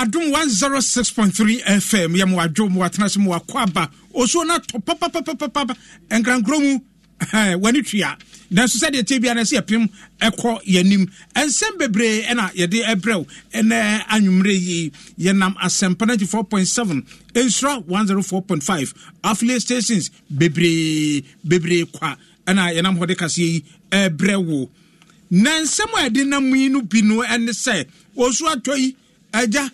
adom 106.3 fm yɛ mowadwo mowatena se mowakɔ aba osuo no atɔ papapapapa nkrankuro mu eh, w'ani tua nanso sɛdeɛ tie biara sɛ yɛpem ɛkɔ yɛnim ɛnsɛm bebree ɛna yɛde ɛbrɛw ɛnɛ anwummerɛ yi yɛnam asɛmpa 94.7 nsura 104.5 affiliate stations bebree bebree kwa ɛna yɛnam hɔ de kaseɛ yi ɛbrɛ wo na nsɛm a yɛde nam yi no bi no ɛne sɛ osuo atɔ yi agya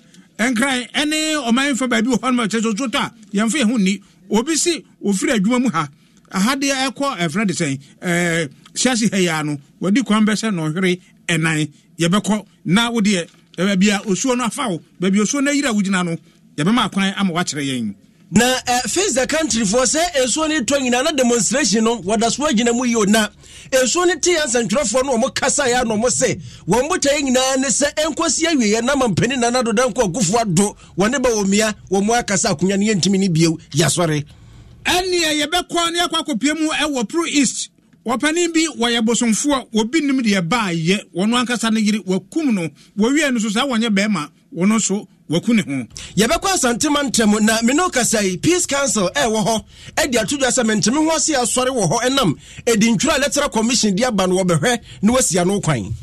nkran ɛne ɔman fɛ baabi wɔ hɔ nom kyɛ soso tɔ a yɛmfa yɛho nni obi si ofiri adwuma mu ha ahadeɛ ɛkɔ ɛfrɛ de sɛn ɛɛ siase ha yi wɔde kwan bɛsɛ nɔhwere ɛnan yɛbɛkɔ na wodeɛ baabi a osuo no afa wo baabi osuo no ayiri a wogyina no yɛbɛma kwan ama wakyerɛ yɛn na uh, face the country for sɛ nsuo no tɔ nyinaa na demonstration no wɔda so agyina mu yio na nsuo no te ansantwerɛfoɔ no wɔn kasaeɛ na wɔn sɛ wɔn botaeɛ nyinaa ne sɛ nkɔsi awieɛ na ma mpanin na do dan nkɔ agufo ado ne ba wɔn mia wɔn mu akasa akonnwa no yɛntumi ne bio yasɔre. ɛnneɛ yɛbɛkɔ ne akɔ akɔpie mu ɛwɔ pro east wɔpanin bi wɔyɛ bosomfoɔ wɔbi nim deɛ baayɛ wɔn ankasa ne yere wɔkum no wɔwie no so saa wɔnyɛ bɛrima wɔn nso waku ne ho yɛbɛkɔ asantema ntɛm na mene kasa yi peace council ɛwɔ hɔ ɛde ato dwa sɛ menteme ho ase asɔre wɔ hɔ ɛnam ɛdi ntwerɛ electoral commission de aba no wɔbɛhwɛ na wasia no kwan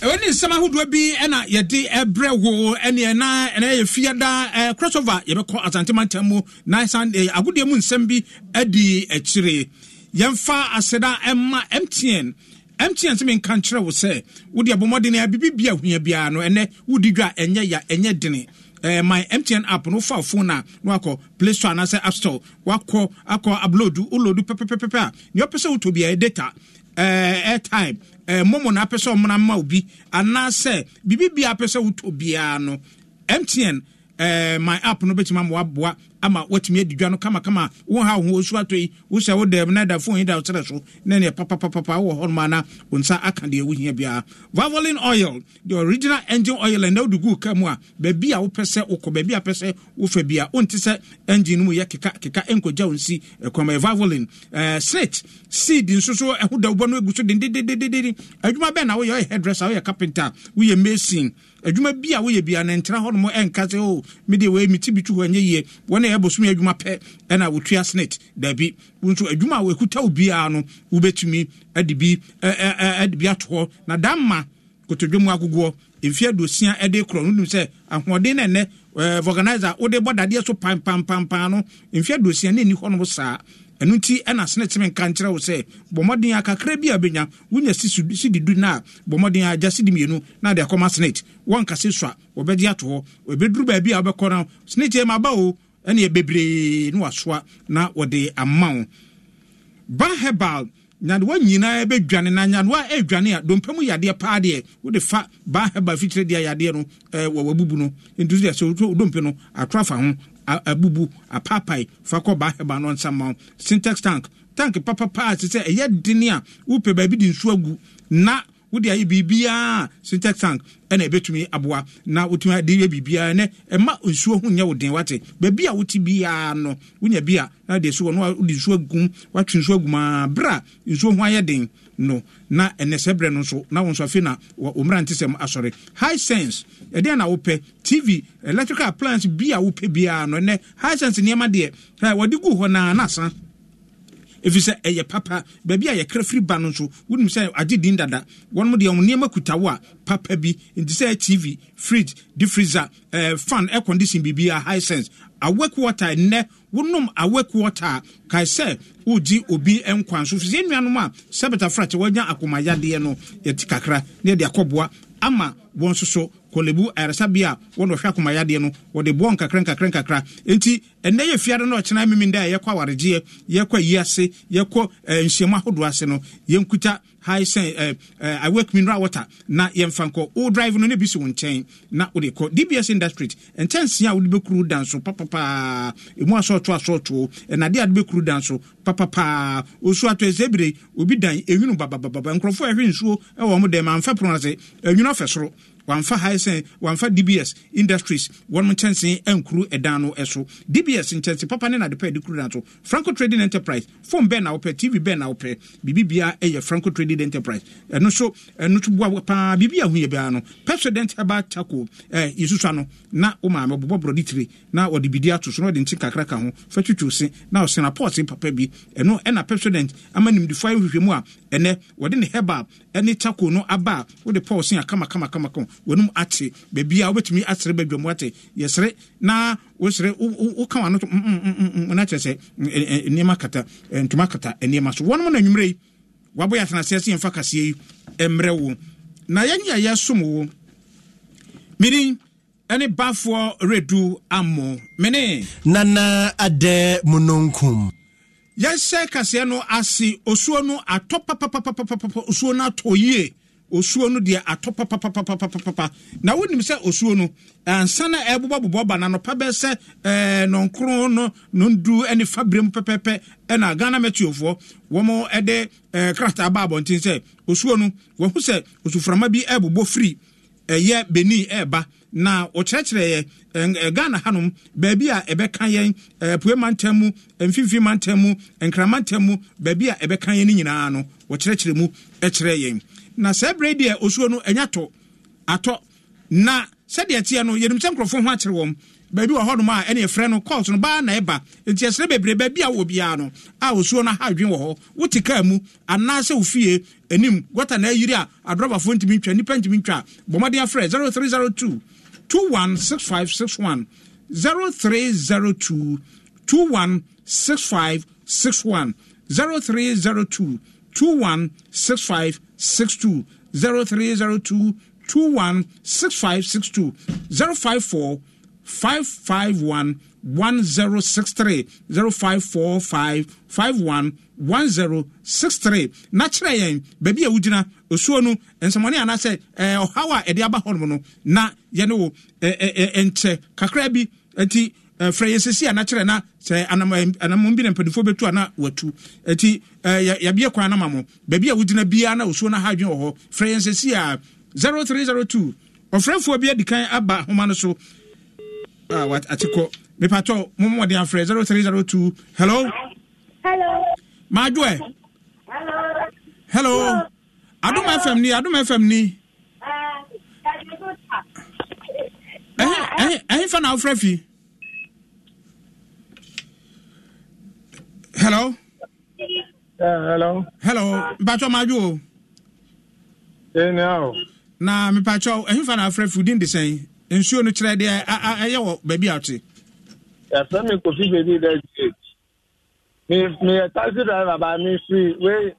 ɛwɔ ne nsɛm ahodoɔ bi ɛna yɛde ɛbrɛ wo ɛne ɛna ɛna yɛ fia da ɛɛ crossover yɛbɛkɔ asantema ntɛm mu na san ɛɛ agodeɛ mu nsɛm bi ɛdi akyire yɛmfa aseda ɛma mtn mtn sɛ menka nkyerɛ wo sɛ wode abɔmmɔden a bibibia hua biara no ɛnɛ wodi dwa ɛnyɛ ya ɛnyɛ dene Uh, my mtn app no wofa phone a na wakɔ play store anaasɛ app store wakɔ akɔ ablodu wolodu pɛpɛpɛpɛ a nea ɔpɛ sɛ wotɔ biaa data eh, airtime eh, momo na apɛ sɛ ɔmona ma obi anaasɛ biribi biaa apɛ sɛ wotɔ biaa no mtn uh, my app no bɛtumi ama boa ama watumi adi dwa no kamakama wo ha wo su ato yi wo sɛ wo dɛm na da fon yi da so na neɛ papapapapa wɔ hɔ nom ana wo nsa aka deɛ wohia biara vavolin oil the original engine oil ɛnɛ wode guu ka mu a baabi a wopɛ sɛ wokɔ baabi a pɛ sɛ wofa bia wonte sɛ engine mu yɛ keka keka ɛnkɔgya wo nsi ɛkwama vavolin eh, snit seed nso so ɛho dawobɔ no agu so dendedededede adwuma bɛn na woyɛ woyɛ hairdresser woyɛ carpenter woyɛ mason adwuma bi a woyɛ bia no ntena hɔ nom ɛnka sɛ o mede wei mete bi tu hɔ ɛnyɛ yie wɔne na ɛyɛ bosome adwuma pɛ ɛna wɔtua snit daabi nso adwuma a wɔkuta wo biara no wobɛtumi de bi de bi ato hɔ na da ma kotodwe mu agogoɔ mfe aduosia de korɔ no nim sɛ ahoɔden no ɛnɛ vorganizer wode bɔ dadeɛ so pampampampan no mfe aduosia ne ɛni hɔ no saa ɛno nti ɛna sene teme nka nkyerɛ wo sɛ bɔmmɔden a kakra bi a bɛnya wonya sididu no a bɔmmɔden a agya sidi mmienu na de akɔma senate wankase so a wɔbɛgye ato hɔ ɛbɛduru baabi a wobɛkɔ no senate ɛma ba o ɛne bebree na wasoa na wɔde ama wo ba herbal nyadewa nyinaa bɛdwane na nyadewa ɛdwane a dompa mu yadeɛ paa deɛ wode fa ba herbal fitire deɛ yadeɛ no wɔ wabubu no ntu deɛ sɛ dompe no ato afa ho abubu apaapae fa kɔ ba herbal no nsa ma wo syntax tank tank papapaa te sɛ ɛyɛ dene a wopɛ baabi de nsuo agu na wode ayɛ biribiaa syntax tank ɛna ɛbɛtumi aboa na wotumi de yɛ biribiaa nɛ ɛma nsuo ho nyɛ wo den wate baabi a wote biaa no wonya bi a na de so no wode nsuo agum watwe nsuo agumaa berɛ a nsuo ho ayɛ den no na ɛnɛ sɛ berɛ no nso na wo nso afei na wɔmmra nte sɛm asɔre high sense ɛdeɛ na wopɛ tv electrical appliance bi a wopɛ biaa no ɛnɛ high sense nneɛma deɛ wɔde gu hɔ naa na asa ɛfiri sɛ ɛyɛ papa baabi a yɛkra firi ba no nso wonim sɛ agye din dada wɔnom deɛ ɔmo nneɛma kuta wo a papa bi nti sɛ tv fridge deep freezer uh, fan air condition biribiara high sense awake water nnɛ wonom awake water a kae sɛ wogye obi nkwa so firi sɛ nnuanom a sɛbetafra kyɛ wɔanya akomayadeɛ no yɛte kakra na yɛde akɔboa ama wɔn nso so kɔlebu ayaresabea a wɔn wɔhwɛ akomayadeɛ no wɔde bɔ nkakra nkakra nkakra nti ɛnɛ yɛ fiade no ɔkyena mimi da a yɛkɔ awaregyeɛ yɛkɔ ayi ase yɛkɔ eh, nhyiamu ahodoɔ ase no yɛnkuta high sen ɛ ɛ awake mineral water na yɛmfa nkɔ o drive no ne bi si wɔn nkyɛn na o de kɔ dbs industry nkyɛnsee a wɔde bɛkuru dan so papapaa emu asɔɔto asɔɔto ɛnadeɛ a de bɛkuru dan so papapaa osu ato ɛsɛ ebire obi dan ewinu babababa nkurɔfoɔ ɛhwɛ nsuo ɛwɔ wɔn dɛm anfɛ pono ase wamfa high sen dbs industries wɔn nkyɛnse nkuru ɛdan no so dbs nkyɛnse papa ne nade pɛ kuru na so franco trading enterprise phone bɛn na wopɛ tv bɛn na wopɛ biribibia ɛyɛ franco trading enterprise ɛno so ɛno so boa paa biribi a ho yɛ biara no president ɛba chako ɛɛ yɛsusua no na wo maame bobɔ borɔde tire na wɔde bidi ato so na wɔde nkyi kakra ka ho fa twitwiw se na ɔsena pɔɔse papa bi ɛno ɛna president ama nimdifoɔ ahwehwɛ mu a ɛnɛ wɔde ne herbal ɛne chako no aba a wode pɔɔse a kama kama kama kama wɔnum akye baabi a wobɛtumi asere badwam wate yɛsere na wosere woka wano to mm, mm, mm, na kyerɛ sɛ eh, eh, nneɛma kata eh, ntoma kata nneɛma so wɔnom na anwummerɛ yi wabɔ yɛ atenaseɛ sɛ yɛmfa kaseɛ yi mmerɛ wo na yɛne a yɛsom wo meni ɛne bafoɔ redu amo mene nana adɛ munonkum yɛhyɛ kaseɛ no ase osuo no atɔ papapapapapa osuo no atɔ yie osuo no deɛ atɔ papapapapapa na wonim sɛ osuo no ansa na ɛbobɔbobɔ ba na nɔpa bɛ sɛ ɛɛ nɔnkoro no nondu ɛne fabrem pɛpɛpɛ ɛna ghana mɛtuofoɔ wɔn ɛde ɛɛ krataa ba abɔnten sɛ osuo no wɔho sɛ osuframa bi ɛbobɔ firi ɛyɛ benin ɛɛba na ɔkyerɛkyerɛ yɛ ghana hanom baabi a ɛbɛka yɛn apue mantam mu mfimfini mantam mu nkramantam mu baabi a ɛbɛka yɛn no nyinaa no wɔkyerɛkyerɛ mu ɛkyerɛ yɛn na sɛ berɛ deɛ osuo no ɛnya to atɔ na sɛdeɛ teɛ no yɛnim sɛ nkurɔfoɔ ho akyere wɔm baabi wɔ hɔnom a ɛne yɛfrɛ no cult no baa na ɛba nti ɛserɛ bebree baabi a wɔ biara no a osuo no aha adwen wɔ hɔ wote kaa mu anaasɛ wo fie anim wata na ayiri a adrɔbafoɔ ntumi ntwa nnipa ntumi ntwa bɔmmɔden afrɛ 0302 216561 0302 216561 0302 216561 six two zero three zero two two one six five six two zero five four five five one one zero six three zero five four five five one one zero six three na kyerɛ yɛn baabi a wogyina osuo no nsɛmɔne anaasɛ ɛɛ eh, ɔhaw a ɛde aba hɔ no na yɛne wo ɛɛ eh, eh, ɛɛ nkyɛ kakra bi nti. Eh, frɛ yɛ sɛsi ana kyerɛ na sɛ anammɔn eh, bi na mpanimfoɔ bɛtu ana watu ɛti eh, yɛabeɛ kwan no ma mo baabi a wogyina biara na osuo no ha adwene wɔ hɔ frɛ yɛ sɛsi a 0302 ɔfrɛfoɔ bi adi kan aba homa no so ah, atekɔ mepatɔ momɔden afrɛ 0302 hello hello maadwoɛ hello hello adom fm ni adom fm ni ɛhefa na wofrɛ fii hello. Yeah, hello. hello mpatwɔ madwo o. ɛni awo. na mipatwɔ ɛhin fa na afrɛ fudin de sɛn nsuo no kyerɛ deɛ ɛyɛ wɔ baabi a ɔte. yàtọ̀ mi kò fi bèbí dẹ jù mi mi yẹ taxi driver bá mi fi wé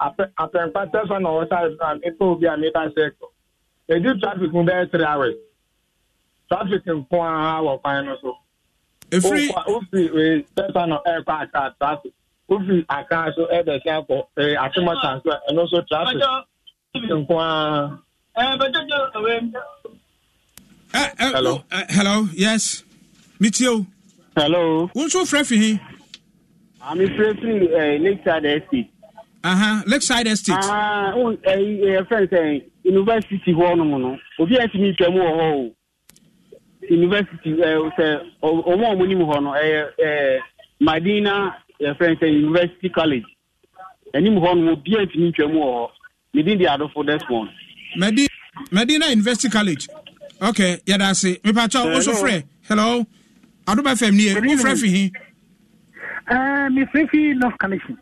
apẹ̀npá tẹ̀sán náà wọ́n sáré fún mi kó bí àmì bá ṣe kọ̀ èdè traffic ń bẹ́ẹ̀ three hours traffic nǹkan àwọn àwọn kwan no so efiri ofiri eh, pẹpẹ nọ ẹ eh, kọ akra trafik ofiri akra so ẹ bẹ sẹ akọ ẹ atimọta nso ẹ n'oso trafik nkwaa. ẹ bẹ jẹjẹ ọwẹ mi. ẹ ẹ hello eh, hello yes mi ti o. hello. n so fẹ fi hin. àmì fẹ́fì ẹ lakeside estate. Aha, uh-huh, lakeside estate. ẹ ẹ fẹ́ sẹ́yìn university hɔ nom no obi ẹ ti mi twẹ́ mu wɔ hɔ o university eh, sɛ ɔmo a hɔ no ɛyɛ eh, madina yɛfrɛ eh, sɛ university college anim hɔ no obi a ntumi ntwa mu wɔ hɔ ne din de adofo desmond. madina madina university college ok yɛda ase mepatwa wo hello adoba fam nie wofrɛ fi hi mefrɛ fi north connection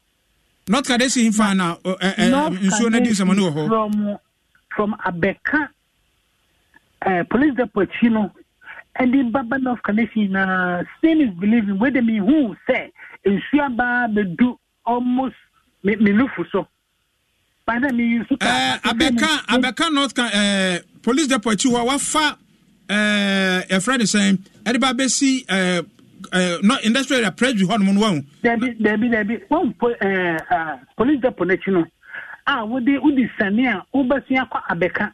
north connection fa na nsuo no adi nsɛmɔ ne wɔ hɔ from abɛka police depot akyi no ɛde baba north connection nyinaa uh, sin is believing wey de mi hu sɛ nsu abaa bedu almost mi mi nufu so padà mi yi nsu eh, uh, ka. ɛɛ abɛka abɛka north kan ɛɛ eh, police depot akyi eh, hɔ a wafa ɛɛ ɛfrɛ ne sɛn ɛde ba abɛsi ɛɛ ɛɛ no industrial area pressure hɔ nom no wɔn. dɛbi dɛbi dɛbi wɔn po ɛɛ police depot n'akyi no a wɔde wɔde sani a wɔbɛsi akɔ abɛka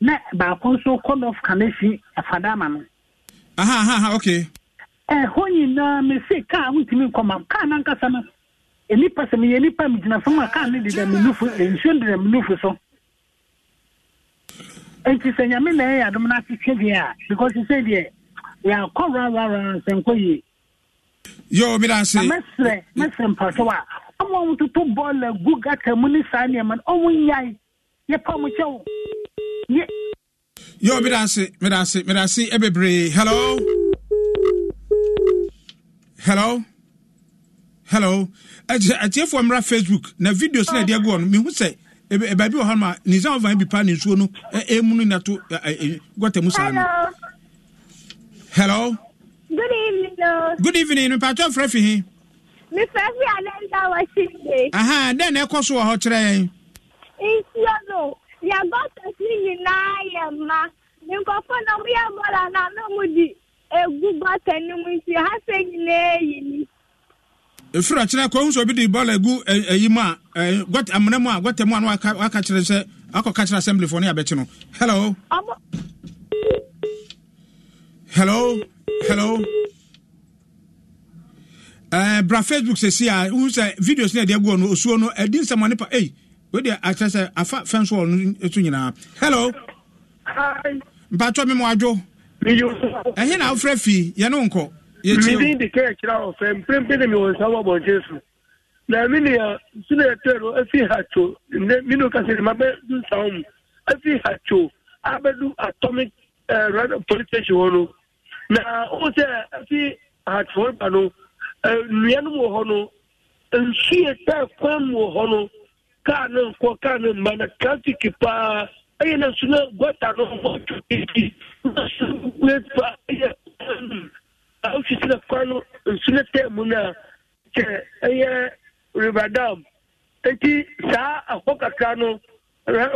na baako nso kɔ north connection afadama no. aha aha aha okay. ɛhɔ eh, nyinaa mese kaa wontumi nkɔma kaa nankasa no eh, nipa sɛ meyɛ nipa megyina fam a kaa no deda menufo eh, nsuo deda so nti sɛ nyame na ɛyɛ adom no ahwehwɛ deɛ a because sɛ deɛ yɛakɔ sɛ nkɔ yie yo medase mɛserɛ a ɔma wo toto bɔɔla gu gata mu ne saa nneɛma no nyae yɛpa mo yo meda ase meda ase meda ase ɛbebree hello hello hello atiefoɔ mmra facebook na videos na ɛde agu hɔ no mehu sɛ e baabi wɔ hɔ no a nisan ɔvan bi paa ne nsuo no ɛmu e, e no nato gɔta mu saa no hello good evening good evening mpatwa frɛ fi he mefrɛ fi anɛnda washington aha dɛn na ɛkɔ so wɔ hɔ kyerɛ yɛn nsuo no yɛbɔ sɛsi nyinaa yɛ mma nkɔfo na mo yɛ bɔla na na mo di egu bɔtɔ ne mu nti ha sɛ nyinaa yi ni. efiri akyerɛ kɔ ohun sɛ di bɔɔla egu ɛyi mu a ɛɛ amuna mu a gɔtɛ mu a waka waka kyerɛ sɛ akɔ ka assembly fo ne abɛkyi no hello. ɔmɔ. hello hello. ɛɛ bra facebook sɛ si a sɛ videos ne yɛ de egu ɔno osuo no ɛdi nsɛmɔ nipa Hey. wede akyerɛ sɛ afa fɛn so ɔno so nyinaa hello mpatwɔ me mmoadwo ɛhe na wofrɛ fii yɛne nkɔ medin de kɛ kyerɛ ɔfɛ mprempren ne mewɔ nsa so na menea sene ɛtɛro afi hatwo nɛ mene ka sɛ mabɛdu nsawo mu afi hatwo abɛdu atomic eh, police station hɔ no na wo sɛ afi hatwo ba no eh, nnua no mu wɔ hɔ no kwan mu wɔ hɔ no kanin ko kanin mana trafiki fa ayyana suna gwata na wato iji sun gwefa ayyana a ofi suna kwano suna ta muna ke ayyana riverdam ta saa sa a kwaka kano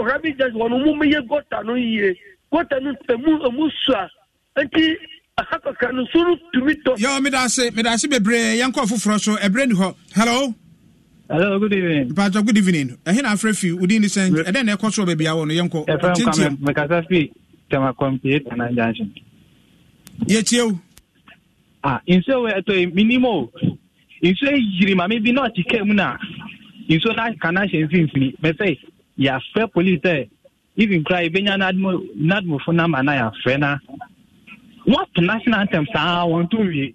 rabi da wani mummun ya gwata na yiye gwata na tsamu a musa an ci a haka kano suru tumito. yawon midase midase bebree yankwa foforɔ so ɛbrɛ ni hɔ hello. Hello, good evening. Pastor, good evening. Ɛhe na afrɛ fi wodi ni sɛn ɛdɛn na ɛkɔ so baabi a wɔ no yɛnkɔ. Ɛfɛ nkwame mekasa fi tɛma kɔmpi etanan junction. Yɛkyie o. Ah, nsuo wɔ ɛtɔ yi minim o. Nsuo yiri maame bi na ɔte kaa mu na nsuo na kana hyɛ mfimfini mɛsɛ yɛafrɛ polisi sɛ even kora yɛbɛnya n'adumofo namba na yɛafrɛ na. What national anthem saa wɔn to wie.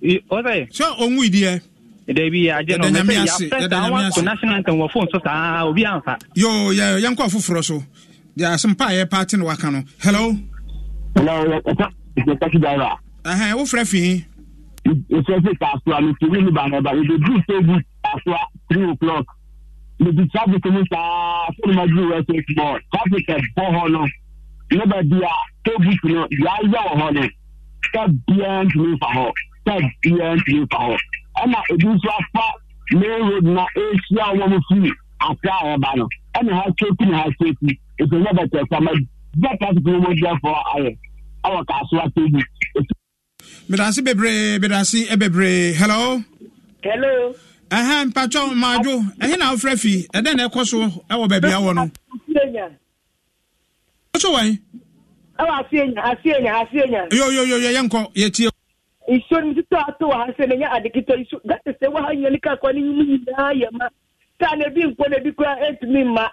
sɛ ɔnwu idiɛ dabi agye no mɛ sɛ yɛapɛ saa wanko national anthem wɔ phone so saa obi amfa yo yɛ yɛnkɔ afoforɔ so deɛ asɛmpa a yɛpa te no waka no hello ɛhɛn wofrɛ fii ɛsɛsɛ kaasoa mefiri ne ba nɛba yɛbɛduru sɛbu kaasoa three o'clock mede traffic no saa sɛne maduru wɛsɛ bɔ traffic ɛbɔ hɔ no ne baabi a table no yɛayɛ wɔ hɔ no sɛ biaa ntumi mfa hɔ side biara ntumi fa hɔ ɛna ebi nso afa main road na ehyia wɔn firi ase a wɔba no ɛna ha seeti na ha seeti etu ɛna bɛtɛ sama bɛtɛ tuntun wɔn di afɔ ayɛ ɛwɔ kaso ase bi. Medase bebree medase bebree hello. Hello. Ɛhɛn mpatwa maadwo ɛhɛn na afra fi ɛdɛn na ɛkɔ so ɛwɔ baabi awɔ no. Ɔtɔ wɔn. Ɛwɔ asenya asenya asenya. Yoyoyo yɛn kɔ yɛ tie nsuo no titɔ ato wɔ ha sɛ menya ade ketɔ nsu gata sɛ wɔ ha nyɛ nika kɔ ne mu nyinaa yɛ ma taa na ebi mpo na ebi kura ntumi mma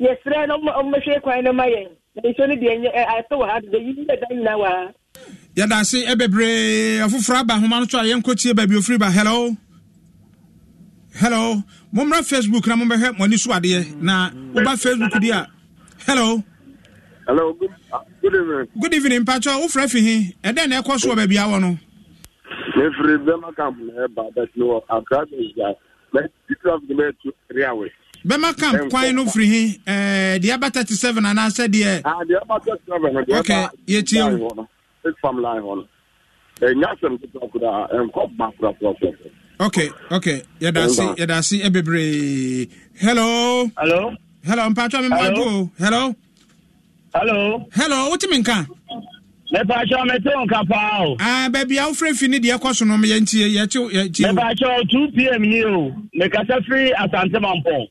yɛsrɛ na ɔmmɛhwɛ kwan no ma yɛn na nsuo no deɛ ato wɔ ha deda yi yɛ da nyinaa wɔ ha yɛda ase ɛbebree afoforɔ aba ahoma no so a yɛnkɔtie baabi ofiri ba hello hello mommra facebook na mommɛhwɛ mo ani so adeɛ na woba facebook deɛ a hello Hello, good, uh, good evening. Good evening, Pacho. Wo frɛ fi he? Ɛdɛn na ɛkɔ so wɔ baabi awɔ no? Mefiri bɛma camp na ɛba bɛt no wɔ Accra Bɛgya. Bɛt traffic bɛyɛ two three hours. Bɛma camp kwan no firi eh, he? Ɛɛ deɛ ɛba thirty seven anaasɛ deɛ? Ah deɛ ɛba thirty seven no deɛ ɛba yɛtie wo. Six farm line hɔ no. Ɛnya sɛm kuta kuta ɛnkɔ ba kura kura kura. Okay, okay. Yɛdaase yɛdaase ɛbebree. Hello. Hello. Hello, mi Hello. Hello. hello hello wotumi nka mepaakyɛw mete wo nka paa o ah, baabi a wofrɛ fi ne deɛ ɛkɔ so no yɛntie yɛkye 2 pm yi o mekasa firi asante mampɔn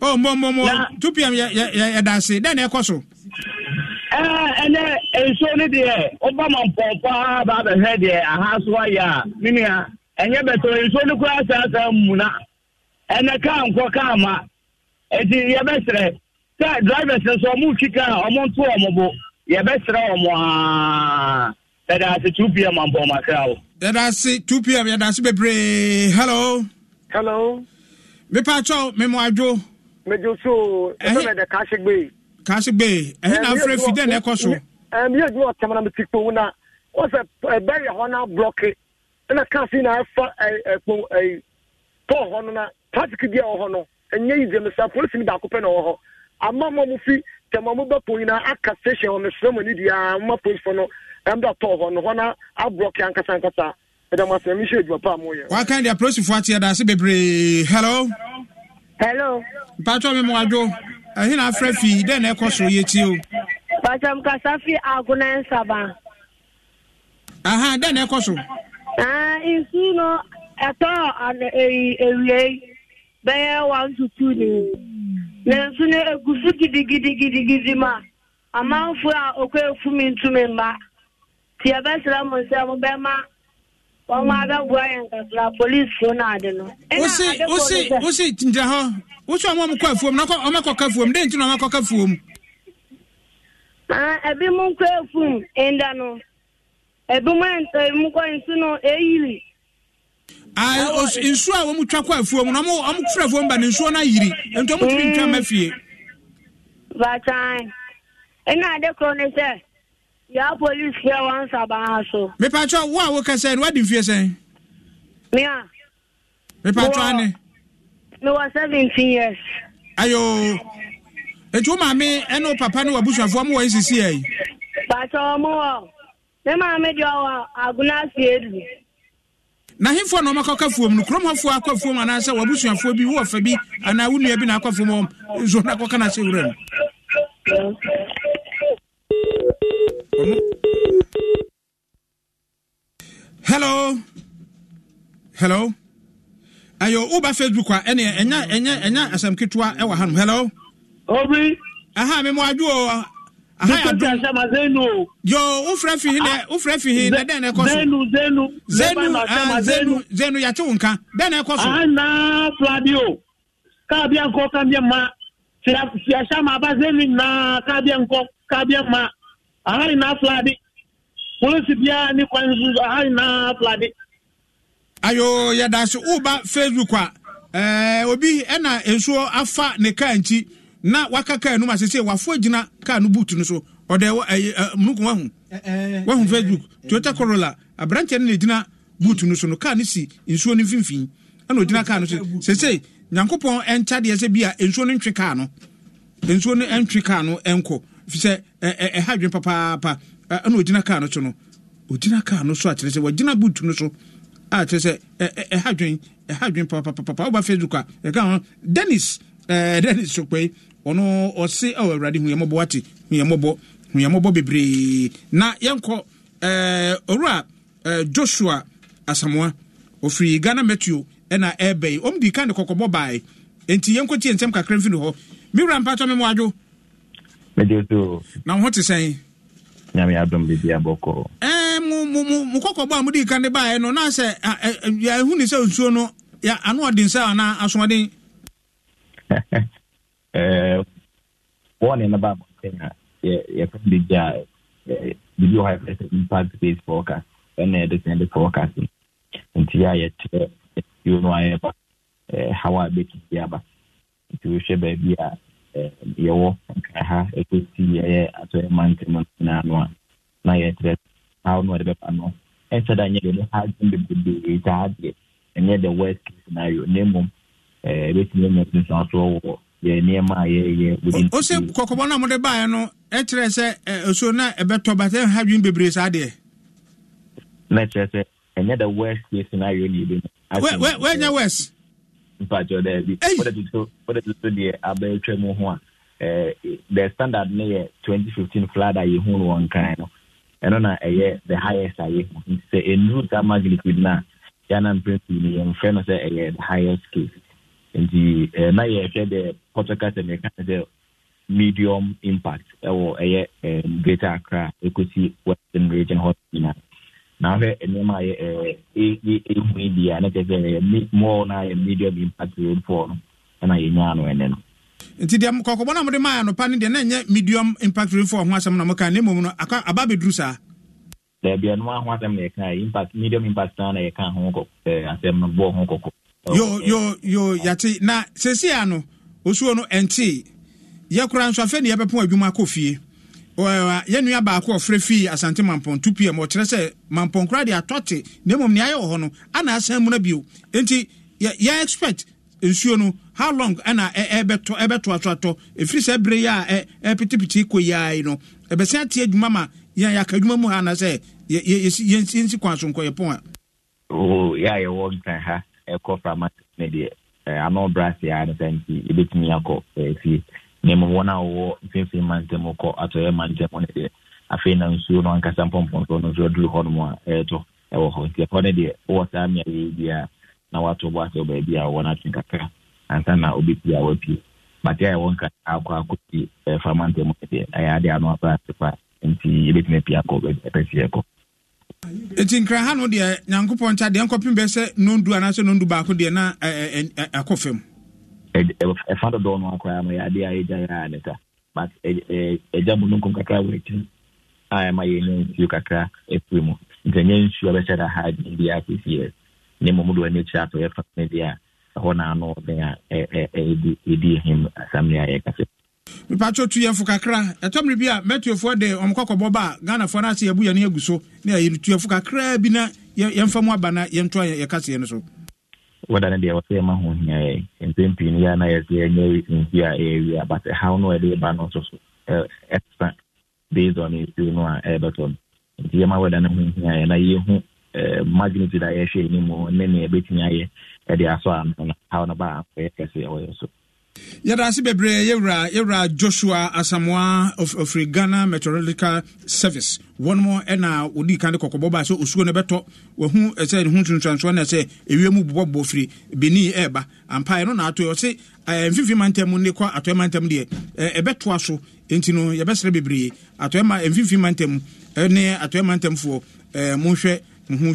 o mmommommo 2 pm yɛda ase dɛn na ɛkɔ so ah, ɛnɛ nsuo no deɛ ma mampɔn paa baabɛhwɛ deɛ aha so ayɛ a menua ɛnyɛ bɛtɔ nsuo ɛnɛ kaa nkɔ kaa ma sɛ drivers no so ɔmo twi kaa ɔmo nto ɔmo bo yɛbɛsrɛ ɔmo aa yɛdaase two pm ampɔ ɔmo asra o. pm two pm yɛdaase bebree hello. hello. mipa atwa mímu adwo. mejo so ɛfɛ bɛ dɛ kaasi gbe. gbe ɛhɛn eh, na afre fide na ɛkɔ so. ɛɛ mi yɛ ju ɔtɛm na mi ti na wɔsɛ ɛbɛ eh, yɛ hɔ na blɔki ɛna na ɛfa ɛɛ eh, hɔ no na traffic bi a hɔ no ɛnyɛ yi polisi baako pɛ na ɔwɔ hɔ. ama ma mo fi tɛma mo na aka station hɔ mesrɛ mo ani biaa mma post no ɛmda tɔɔ na aborɔke ankasa ankasa ɛdam e asɛ mehyɛ adwuma paa moyɛ di de apolisifoɔ ateɛ da ase bebree hello hello mpatwɔ me moadwo ɛhe eh, na afrɛ fii dɛn na ɛkɔ o patwam kasa fi agona nsaba aha dɛn ha ha so ah, nsu no ɛtɔ eh, ewie one to two nanso no egu so gidigidigidigidi a amanfoɔ a ɔkɔ efu mi ntumi ebe te yɛbɛsrɛ mo sɛ mo bɛma wɔn abɛboa yɛn kasra polisifoɔ no ade no. wosi wosi wosi gyina hɔ wosi wɔn a wɔkɔ afuom na wɔn akɔka afuom de nti na wɔn akɔka afuom. ebi mu nkwa efum nda no ebi mu nkɔ nsu no eyiri. nsuo a wɔn twa kɔ afuo mu na wɔn fura afuo mu ba ne nsuo no ayiri nti wɔn tumi ntwa mma fie. batan ɛna ade kuro ne sɛ yà polisi fie wɔn nsaban so. mipatsɔ wo a wokasa no wadi fie sɛn. mia. mipatsɔ ani. mi wɔ seventeen years. ayo etu maame ɛne papa ne wabusuafoɔ mo wɔ esisi yɛ yi. bàtà ɔmo wɔ ne maame deɛ ɔwɔ aguna fie du n'ahemfoɔ na ɔmakɔka fuom no kurom hɔfoɔ akɔ fuom anaasɛ wabusuafoɔ bi wowɔ fa bi anaa wo nua bi na akɔ fuom nso na akɔka no wura no hello hello ayo woba facebook a ɛne ɛnya ɛnya asɛm ketewa ɛwɔ hanom hello obi aha memmoadwo wofrɛ fi hinɛ wofrɛ fi hin na dɛn na ɛkɔ so zenu zenu ah zenu zenu yate wo nka dɛn na ɛkɔ so. ana filadi ma fiasa ma zenu nyinaa kaa bi nkɔ ma ahari na filadi polisi bia ni kwan so ahari na ayo yɛda so woba facebook a ɛɛ eh, obi ɛna nsuo afa ne kaa nti. na waka kaa no mu ase sɛ wafoɔ gyina kaa no boot no so ɔde munukun wahu wahu facebook toyota corolla abranteɛ no na gyina boot no so no kaa no si nsuo no mfimfini ɛna ogyina kaa no so sese nyankopɔn ɛnkyɛ deɛ sɛ bia nsuo no ntwe kaa no nsuo no ntwe kaa no ɛnkɔ fisɛ ɛha dwen papaapa ɛna ogyina kaa no so no ogyina kaa no so akyerɛ sɛ wagyina boot no so a kyerɛ sɛ ɛha dwen ɛha dwen papapapa woba facebook a ɛka ho dennis ɛɛ dennis sokpɛ yi. ɔno ɔse ɛwɔ oh, awurade hu wati wate hu yɛmmɔbɔ hu yɛmmɔbɔ bebree na yɛnkɔ ɛɛ eh, owura ɛɛ eh, joshua asamoa ofiri ghana matthew ɛna ɛɛbɛ yi ɔmu di kan de kɔkɔbɔ baae nti yɛnkɔ tie nsɛm kakra mfiri hɔ miwura mpatɔ mi mu adwo. mɛdi na ho te sɛn. nyame adum bibi abɔkɔ. Eh, ɛɛ mu mu mu mu kɔkɔbɔ a mu di kan de baae no na sɛ ɛ ah, ɛ yɛhu ni sɛ nsuo no yɛ ano ɔdi nsa ana asoɔden. Eh, one no ba abɔnten a ya ya gye a biribi wɔ hɔ yɛfrɛ sɛ impact based forecast ɛna yɛde ya yɛde forecast no nti a yɛkyerɛ nsuo ya a yɛba haw a ya aba nti wohwɛ baabi a yɛwɔ nkaha ɛkɔsi yɛyɛ atɔyɛ na ya haw no ha dwom bebree saa the worst case scenario eh, yɛ nneɛma a yɛyɛ within. o se kɔkɔbɔ na mo de baayɛ no ɛkyerɛ sɛ osuo na ɛbɛtɔ ba ha dwin bebree saa deɛ. na kyerɛ sɛ ɛnyɛ the worst case scenario ni ebi. wɛ wɛ wɛ nyɛ worst. mpatsɔ dɛ bi wɔde tutu wɔde tutu deɛ abɛɛtwa mu ho a the standard ne yɛ twenty fifteen flood a yɛhu no wɔn no ɛno na ɛyɛ the highest a yɛhu nti sɛ enuru saa magnitude na yɛn anam pɛntu ni yɛn fɛ no sɛ ɛyɛ the highest case. nti eh, na yɛhwɛ dɛ portugal sɛ meka sɛ medium impact ɛwɔ ɛyɛ eh, greater accra ɛkɔsi western region hɔ na ahwɛ nneɛma a ɛhu eh, yi e, e, e, na kyɛ sɛ mall no ayɛ medium impact rainfall no ɛna yɛnyaa no no nti deɛ kɔkɔbɔ no maa anɔpa no deɛ na ɛnyɛ medium impact rainfall ho asɛm na moka ne mmom no aba bɛduru saa na impact medium impact na yɛka ho asɛm no bɔɔ ho kɔkɔ Oh, yo yo yo yate na sesi ano osuo no ɛnte yɛkora nso afei ne yɛbɛpɔn adwuma akɔ fie yɛnua baako ɔfrɛ fii asante mampɔn 2 pm ɔkyerɛ sɛ mampɔn koraa de atɔte na mmom ne ayɛ wɔ hɔ no ana asan mu no bio enti yɛ expect nsuo no how long ɛna ɛbɛtɔ ɛbɛtɔ atɔatɔ ɛfiri sɛ ɛbere yi a ɛpitipiti kɔ yi ara yi no ɛbɛsɛn ate adwuma ma yɛn yɛaka adwuma mu ha anasɛ yɛnsi kwan so nkɔ a. o oh, yɛ a yɛwɔ ntan ha ɛkɔ frama ne deɛ ama ɔbra se a ne sa nti ebetumi akɔ fie na mu wɔn a wɔwɔ mfimfini mantam kɔ atɔyɛ mantam ne deɛ afei na nsuo no ankasa mpɔmpɔnso no nso aduru hɔnom a ɛretɔ ɛwɔ hɔ nti ɛhɔ ne deɛ wɔwɔ saa mmea yɛ bi a na wato bɔ asɛ baabi a wɔn atwe kakra ansa na obɛpie a wapie bate a ɛwɔ nka akɔ akɔsi frama ntam ne deɛ ɛyɛ adeɛ ano aba ase pa nti ebetumi apie akɔ baabi ɛpɛ si ɛti nkra ha no deɛ nyankopɔn nkyɛ deɛ nkɔpem bɛ sɛ nondu anaasɛ nondu baako deɛ na ɛkɔ fam ɛfa dodɔɔ no akoraa no yɛadeɛ a yɛgya yɛ a ne sa but ɛgya mu no nkom kakra wɔ akyiri a ɛma yɛnya nsuo kakra afiri mu nti ɛnyɛ nsuo a bɛhyɛ da ha den bi akɔsi yɛ ne mmom doɔ no atɔ yɛfa no deɛ a na ano ɔden a ɛdi ɛhim asam a mepatwo tu yɛmfo kakra ɛtɔmmere bi a mɛtuafoɔ de ɔmkɔkɔbɔ ba a ghanafoɔ e, no e, ase yɛbu yɛne agu so na yɛyɛ tuafo kakra bi na yɛmfa mu aba na yɛntoa yɛkaseɛ no so wada no deɛ wɔsɛ yɛma ho hia yɛ mpɛn pii no yɛa na yɛsɛ ɛnyɛ nsi a ɛyɛwie a but ɛhaw no ɛde ba no nso so ɛsa based on ɛsuo no a ɛbɛtɔ no nti yɛma wada no ho hia yɛ na yɛhu magnitude a yɛhwɛ ani mu ne nea ɛbɛtumi ayɛ ɛde asɔ ano no haw no ba a ɛyɛ kɛse ɛwɔ so yɛda ase bebree yɛwura yɛwura joshua asamoa ofiri of ghana meteorological service wɔn mu ɛna odi kan de kɔkɔbɔ baa osuo no bɛtɔ wahu ne ho na firi benin ɛɛba na ɔse nti no yɛbɛsrɛ bebree atɔɛ ma mantam atɔɛ mantamfoɔ monhwɛ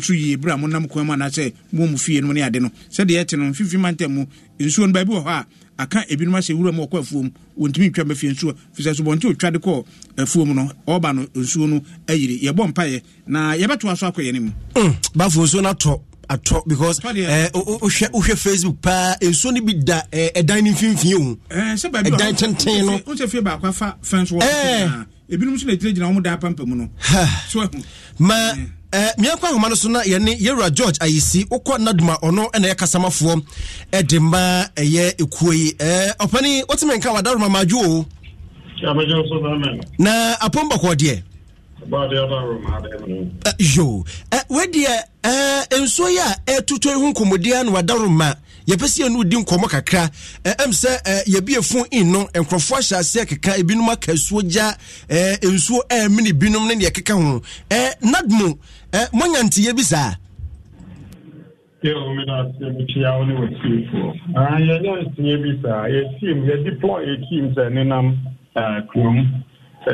yie bere a kwan mu anaasɛ mo mu fie no ne ade no sɛdeɛ ɛte no mantam mu nsuo no baabi wɔ hɔ a aka ebinom ahyɛ wura mu ɔkɔ afuom wɔntumi ntwa mɛfie nsuo fisɛ subɔnte otwa de kɔ afuom no ɔba no nsuo no ayiri yɛbɔ mpaeɛ na yɛbɛtoa so akɔ yɛne mu mm, bafo nsuo no atɔ atɔ because wohwɛ eh, wohwɛ facebook paa nsuo no bi da eh, ɛdan no mfimfini eh, o ɛdan tenten no wosɛ fie baako afa fɛn so wɔ ebinom nso na ɛgyinagyina wɔm daa pampa mu no ma mmeakwa ahoma no so na yɛne yɛwura george ayisi naduma ɔno ɛna yɛ kasamafoɔ ma ɛyɛ ekuo yi ɔpani wotumi nka wada roma o na apom bɔkɔ yo wadeɛ nsuo yi a ɛtutu ho nkɔmmɔdeɛ na wada roma yɛpɛ sɛ yɛne wodi nkɔmmɔ kakra ɛm sɛ yɛbie fo in nkurɔfoɔ ahyɛ aseɛ keka ebinom aka suo gya nsuo ɛmene binom ne ho nadmo monya nteɛ bi saa ah, yɛnyɛ nteɛ bi saa yɛtim yɛdeploy yɛ team sɛ nenam eh, kurom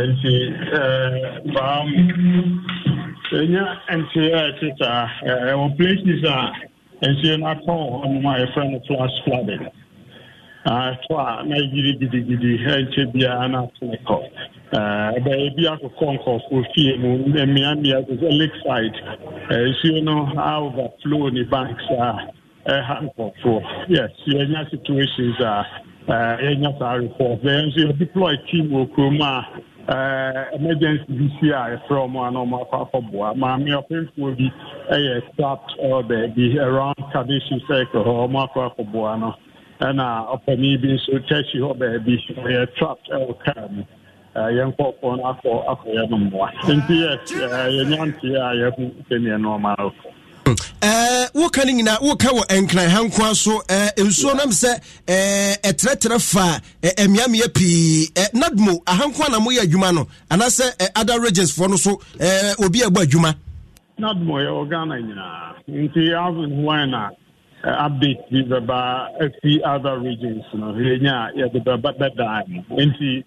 nti eh, baa mu yɛnya nteɛ a ɛte saa eh, ɛwɔ places a nteɛ no atɔ hɔ nom a yɛfrɛ no flash flooding atọ a na yiri gidigidi nkyɛ biara na ato nkɔ ɛbɛyɛ eh, bi akokɔ nkɔfoɔ fie mu mmea mmea te sɛ lakeside nsuo eh, no overflow ne banks a ɛha eh, nkɔfoɔ yes yɛnya situations a yɛnya saa report bɛyɛ nso yɛdeploy team wɔ kurom a emergency bi si a yɛfrɛ ɔmo a na ɔmo akɔ akɔboa maame ɔpɛnfoɔ bi yɛ trapped ɛwɔ baabi around kadeshi circle hɔ ɔmo akɔ akɔboa no ɛna ɔpanin bi nso taxi hɔ baabi ɔyɛ trapped ɛwɔ kaa mu yɛn kɔɔkɔɔ no akɔ akɔ yɛ no mmoa nti yes yɛnyanteɛ a yɛho sɛneɛ nɔɔma no woka no nyinaa woka wɔ nkran ha so nsuo nam sɛ ɛtrɛtrɛ fa mmeameɛ pii nadmo ahankoa na moyɛ adwuma no anaasɛ other regions foɔ no so obi a ɛbɔ adwuma nadmo yɛwɔ ghana nyinaa nti avin hwan a update bi bɛba afi other regions no yɛnya yɛde bɛdaa no nti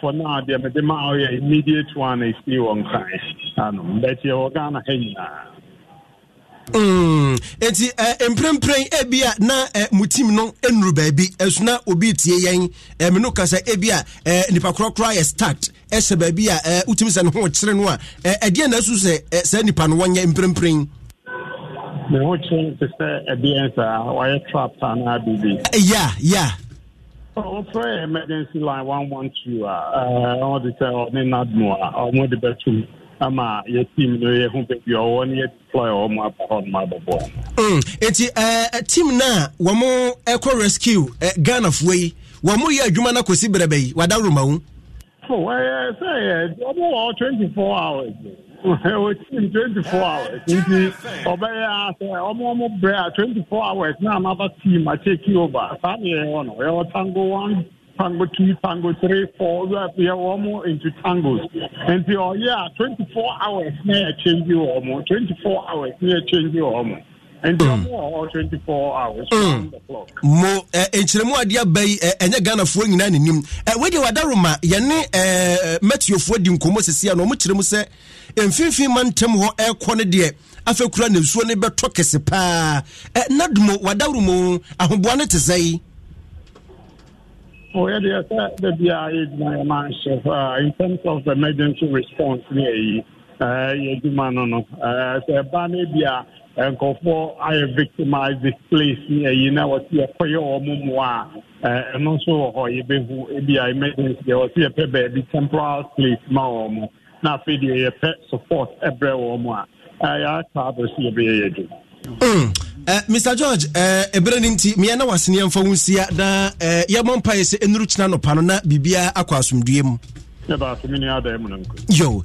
for now deɛ mede ma wo immediate one is ne wɔ nkae anom but yɛwɔ ghana ha nyinaa enti mprempren ebia na uh, mu team no nuru baabi ɛso na obi tie yɛn me no kasa ebia nipa korɔkorɔ yɛ start ɛhyɛ baabi a wotumi sɛ ne ho kyere no a ah, ɛdeɛ eh, eh, eh, na asu sɛ saa nipa no wɔnyɛ mprempren ne ho kye te sɛ ɛdeɛ nsaa wɔayɛ trap anaa biribi ya ya wɔfrɛ emergency line one one two a wɔde sɛ ɔne nadmo a ɔmode bɛtom ama yɛ team no yɛho baabi a ɔwɔ no yɛdeploy ɔ mo aba hɔ nom abɔboa mm, enti team no a wɔ mo ɛkɔ rescue ghanafoɔ yi wɔ mo yɛ adwuma no akɔsi berɛbɛ yi wada roma wo wɔyɛ sɛ yɛ ɔmowɔ 24 hours 24 hours nti ɔbɛyɛ asɛ ɔmo ɔmo brɛ 24 hours na amaba team atake over saa ne yɛwɔ no tango one tango two tango three four We are almost into tangos nti are a 24 hours na yɛ change wɔ ɔmo 24 hours na yɛ change wɔ ɔmo. Hmm. Hmm. mo eh, eh, nkyerɛmu adeɛ aba yi eh, ɛnyɛ ghanafoɔ nyinaa nanim wede wadaroma yɛne matiofoɔ di nkɔmmɔ sesi a na ɔmokyerɛ mu sɛ mfimfini ma ntam hɔ ɛrekɔ no deɛ afei kura nasuo no bɛtɔ kɛse paa na domo wadaromo ahoboa no te sɛ yi Oh, yeah, yeah, the BIA, in terms of emergency response, yeah, uh, yeah, no, no, uh, so, nkɔfoɔ ayɛ victimize displaced ɛyi na wɔte yɛkɔyɛ wɔ mo mu a ɛno nso wɔ hɔ yɛbɛhu ebi a emergency deɛ wɔte yɛpɛ baabi temporal place ma wɔ mo na afei deɛ yɛpɛ support ɛbrɛ wɔ mo a yɛaka abɛ so yɛbɛyɛ yɛ dwuma. Mr. Mm. George, ebere ne nti mmea na wasene yɛmfa wo nsia na yɛmmɔ mpaeɛ sɛ ɛnuru kyena nɔpa no na biribia akɔ asomdue mu yo uh,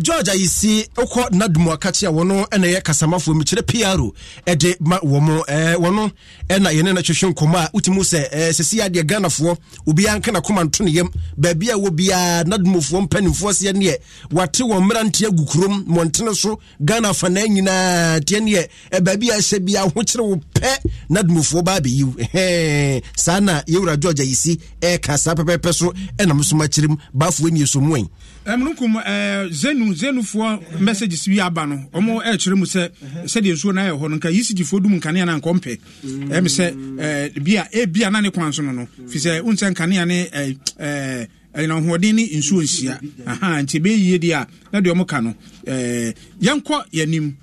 george ayisi wokɔ nadom aka kye a wɔno ɛna ɛyɛ kasamafoɔ mekyerɛ piaro ɛde ma wɔ mo wɔno ɛna yɛne no twehwe nkɔmmɔ a wotumi sɛ sɛsi adeɛ ghanafoɔ obiaa nka na koma nto ne yam baabi a wɔ biaa nadomufoɔ mpanimfoɔ seɛ neɛ wate wɔn mmerante agu kurom mmɔntene so ghana afanaa nyinaa teɛ neɛ baabi a ɛhyɛ biaa ho kyerɛ wo pɛ nadomufoɔ baa bɛyiw saa na yɛwura george ayisi ɛka saa pɛpɛpɛ so ɛnam so makyerem baafoɔ mmiɛnso eh, mu e e yi. ɛmunukum ɛɛ zenu zenufoɔ messages bi aba no ɔmo ɛɛkyerɛ mu sɛ sɛdeɛ nsuo na ayɛ hɔ no nka yisidifoɔ dum nkanea na nkɔ mpɛ ɛmu sɛ ɛɛ bia ebia na ne kwan so no no fisɛ nsɛ nkanea ne ɛɛ eh, ɛɛ eh, ɛnahoɔden ne nsuo nsia aha nti ebe yie deɛ a na deɛ ɔmo ka no ɛɛ yɛnkɔ yɛnim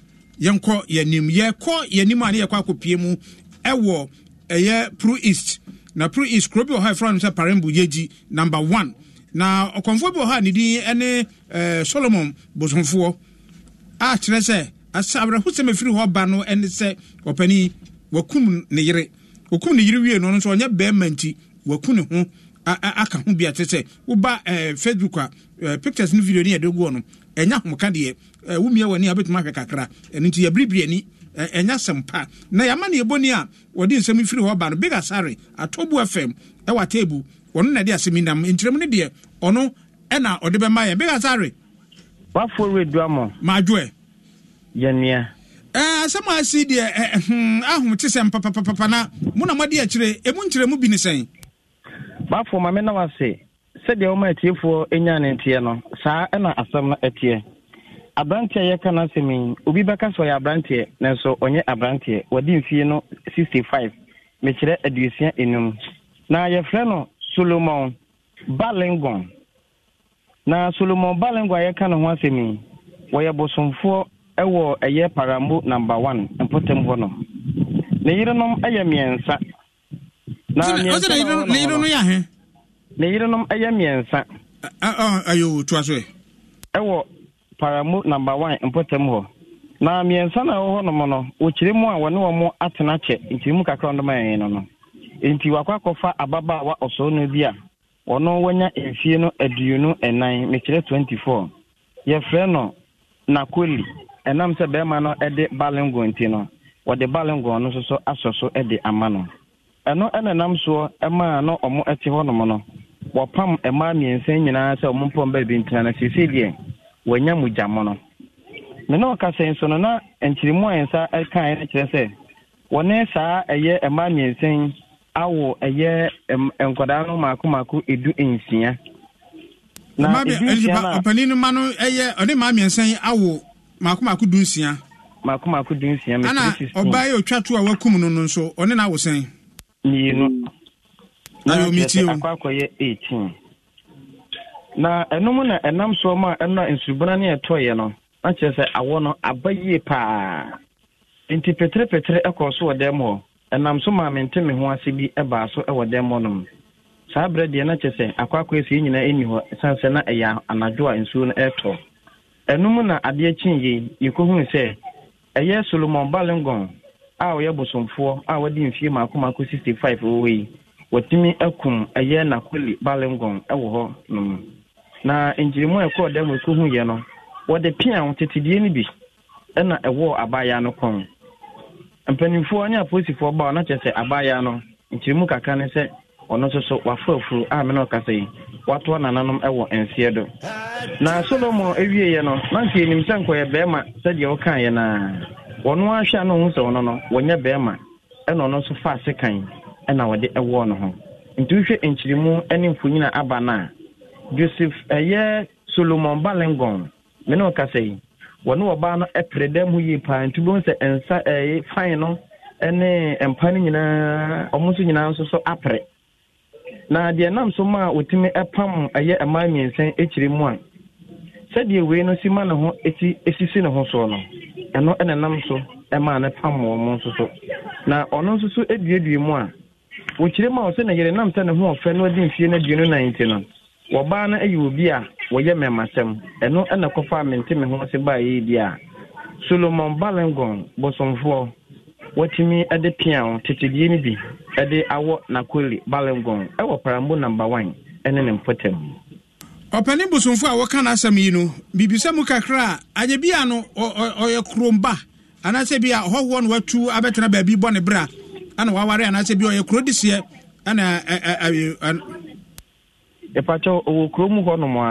yɛnkɔ yɛnim yɛkɔ yɛnim a ne yɛkɔ akɔpie mu ɛwɔ e ɛyɛ pro east na pro east kuro bi wɔ hɔ a yɛfrɛ number one. na ɔkɔmfoɔ bi wɔ hɔ a ne din ne solomon bosomfoɔ a kyerɛ sɛ awerɛhosɛm afiri hɔ ba no ne sɛ ɔpani wakum ne yere wakum ne yere wie no no nso ɔnyɛ bɛrima nti wakum ne ho aka ho bi a kyerɛ sɛ woba facebook a pictures no video ne yɛde goɔ no ɛnya homka deɛ womia w'ani a wobɛtumi ahwɛ kakra ɛno nti yɛbiribiri ɛnyɛ asɛm pa na yɛama ne yɛbɔni a wɔde nsɛm firi hɔ ba no bigasare atɔbu fm ɛwɔ table wɔno na ɛde asɛm nam nkyerɛmu no deɛ ɔno ɛna ɔde bɛma yɛ bɛka sare wafoɔ redua mɔ maadwoɛ yɛnea asɛm a asi deɛ hmm, ahom te sɛ mpapapapa na mo na moade akyerɛ ɛmu nkyerɛmu bi ne sɛn bafoɔ ma me na wase sɛdeɛ woma atiefoɔ ɛnya ne nteɛ no saa ɛna asɛm no ɛteɛ aberanteɛ yɛka no asɛm yi obi bɛka sɛ ɔyɛ aberanteɛ nanso ɔnyɛ aberanteɛ wɔde mfie no 65 mekyerɛ aduosia enum na yɛfrɛ no solomon balingon na solomon balingon a ka ne ho asɛm yi wɔyɛ bosomfoɔ wɔ ɛyɛ parambo number one mpotam hɔ no ne yerenom mmiɛnsa ne yerenom mmiɛnsa ɛwɔ paramo namba one hɔ na mmiɛnsa na ɛwɔ hɔ nom no wɔkyerɛ mu a wɔne wɔ mo atena kyɛ nkyerɛ kakra no no nti wakɔ akɔfa ababaawa ɔsɔɔno bi a ɔno wanya mfie no aduonu ɛnan mekyerɛ 24 yɛfrɛ no nakoli ɛnam sɛ bɛrima no de balingo nti no wɔde balingo no nso so asɔ so de ama no ɛno ɛna nam soɔ ɛmaa na ɔmo ɛte hɔnom no wɔpam mmaa mmiɛnsa nyinaa sɛ ɔmo mpɔn baabi ntena no sisi deɛ wɔanya mu gya mo no me ne ɔkasa nso no na nkyirimu a nsa ɛkaeɛ no kyerɛ sɛ wɔne saa ɛyɛ mmaa mmiɛnsa awo ɛyɛ nkɔdaa no mako mako edu nsia. na edu nsia na ɔpanin no ma no ɛyɛ ɔne maa miɛnsa yi awo mako mako du nsia. mako mako du nsia. ana ɔbaa yi otwa to a wakum no no nso ɔne na awo sɛn. mmienu. na yɛ omi tie o. akɔ akɔyɛ eighteen. na ɛnum na ɛnam soɔ ɔmo a ɛna nsubana ne ɛtɔɔyɛ no na kyerɛ sɛ awɔ no aba yie paa nti petere petere so wɔ dɛm hɔ. ɛnam so maa mente me ho ase bi baa so ɛwɔ dɛm nom saa berɛ deɛ na kyɛ sɛ akwaakwa afie nyinaa ɛnni hɔ ɛsiane sɛ na ɛyɛ anadwo a nsuo no ɛretɔ ɛno mu na adeɛ kyee yei hu sɛ ɛyɛ solomon balingon a ɔyɛ bosomfoɔ a wɔde mfie maako maako 65 wɔwɔ yi wɔtumi akum ɛyɛ nakoli balingon ɛwɔ hɔ nom na nkyirimu a ɛkɔɔ dɛm hu yɛ no wɔde pea tetedeɛ no bi ɛna ɛwɔ abaayaa no kɔn mpanimfoɔ ne apolisifoɔ baa na kyerɛ sɛ abaayaa no nkyirimu kaka ne sɛ ɔno nso so wafuafuru a me ɔkasa yi watoa nananom wɔ nseɛ do na solomo awieɛ no na nti ɛnim sɛ nkɔyɛ bɛrima sɛdeɛ wokaeɛ naa wɔno ahwɛ a na ɔhu sɛ ɔno no wɔnyɛ bɛrima ɛna ɔno nso fa ase kan ɛna wɔde ɛwɔ no ho nti wohwɛ nkyirimu ne mfonyin aba no a joseph ɛyɛ solomon balengon me ɔkasa yi wɔne ɔbaa no pere dɛm ho yie paa nti bohu sɛ nsa ɛyɛ fan no ne mpa no nyinaa ɔmo nso nyinaa nso so apere na deɛ nam so ma a wɔtumi pam ɛyɛ mmaa mmiɛnsa akyire mu a sɛdeɛ wei no si ma ne ho sisi ne ho soɔ no ɛno ɛna nam so ɛma ne pam wɔn mo nso so na ɔno nso so aduadua mu a wɔkyerɛ mu a ɔsɛ ne yere nam sɛ ne ho ɔfɛ no adi mfie no aduonu nan ti no wɔbaa no yɛ obi a wɔyɛ mɛmasɛm ɛno ɛna kɔfa mente me ho se baa yɛi bi a solomon balengon bosomfoɔ watumi de pia tetedeɛ no bi de awɔ nakoli balengon ɛwɔ parambo number one ɛne ne mpɔtam ɔpɛne bosomfoɔ a wɔka n'asɛm yi no biribisɛ mu kakra a agye bia no ɔyɛ kuromba anaasɛ bi a hɔhoɔ no watu abɛtena baabi bɔ ne berɛ ana waware anaasɛ bi ɔyɛ kuro deseɛ ana ɛpakyɛ ɔwɔ kurom hɔ nom a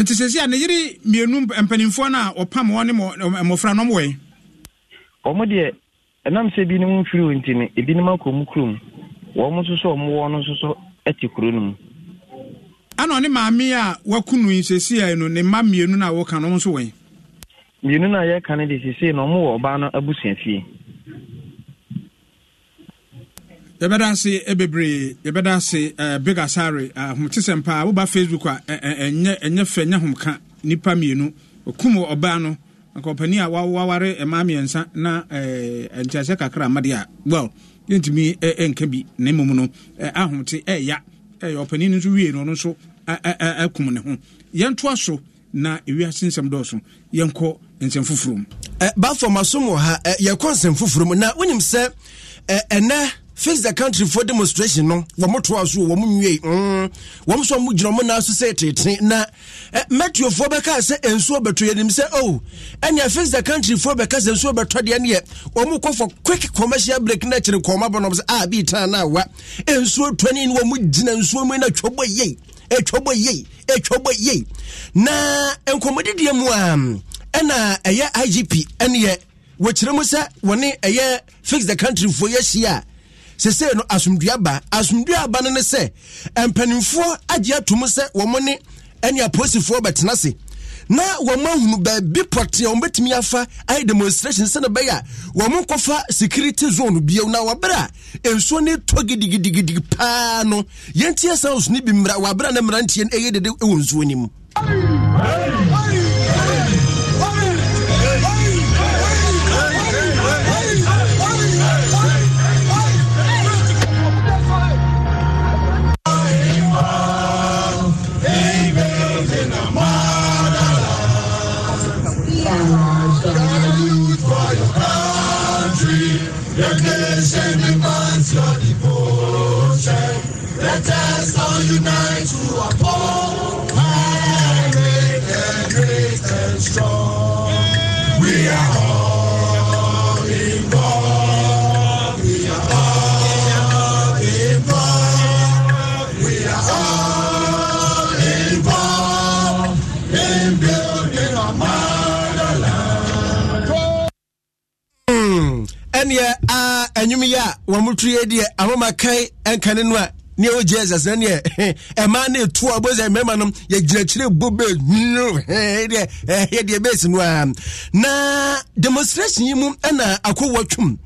nti sɛsi a ne yere mmienu mpanimfoɔ no a ɔpam wɔ ne mmɔfra no mwɔe ɔmo deɛ ɛnam sɛ binom mfiri nti no ebinom akɔ mu kurom wɔn mo nso so ɔmowɔ no nso so te kuro no mu ana ɔne maame a waku no sɛsi a no ne mma mmienu no a wɔka no nso wɔe mmienu no a yɛka no de sesei na ɔmo wɔ ɔbaa no abusua yɛbɛda ase bebree yɛbɛda ase big asare ahomte sɛm paa woba facebook a ɛnyɛ fɛ nyɛ homka nipa mmienu ɔkum ɔbaa no nkɔpani a waware ɛma mmiɛnsa na nteaseɛ kakra amadeɛ a well yɛntumi eh, eh, nka bi na mmom no ahomte ɛya ɛyɛ ɔpani no nso wie no ɔno nso akum eh, ne ho yɛntoa so na ewiase nsɛm dɔɔso yɛnkɔ nsɛm foforɔ mu bafɔ masom wɔ ha yɛkɔ nsɛm foforɔ mu na wonim sɛ ɛnɛ Fix the country for demonstration no wɔn toa so wɔn nwie mm wɔn nso wɔn gyina wɔn nan so sɛ tete na mɛtuofoɔ bɛka sɛ nsuo bɛtɔ yɛn nim sɛ oh ɛnna fix the country foɔ bɛka sɛ nsuo bɛtɔ deɛ no yɛ wɔn kɔ for quick commercial break na kyerɛ kɔn abɔ na wɔn sɛ ah bi tan na awa nsuo tɔni ni wɔn gyina nsuo mu na twɛ bɔ yie etwa bɔ yie etwa bɔ yie na mu a ɛna ɛyɛ igp ɛne wɔkyerɛ mu sɛ wɔne ɛyɛ fix the country foɔ yɛ hyia a. sesei no asomdua ba asomdua aba no ne sɛ mpanimfoɔ agye atom sɛ wɔn ne ɛne apolisifoɔ bɛtena ase na wɔn ahunu baabi pɔtee wɔn bɛtumi afa ayɛ demonstration sɛ na bɛyɛ a wɔn nkɔfa security zone bio na wɔabere a nsuo ne tɔ gidigidigidi paa no yɛn ti ɛsan osu ne bi mmira wɔabere a ne mmeranteɛ no ɛyɛ dede ɛwɔ nsuo ne mu. ɛneɛ a ɛnwom yi a wɔn mo turi deɛ ahomakan nkane no a ne ɛwɔ jesus ne neɛ ɛmaa no ɛtu a bɛsɛ mmarima no yɛgyinakyire bo bɛ deɛ yɛdeɛ bɛsi no a na demonstration yi mu ɛna akɔwɔ twom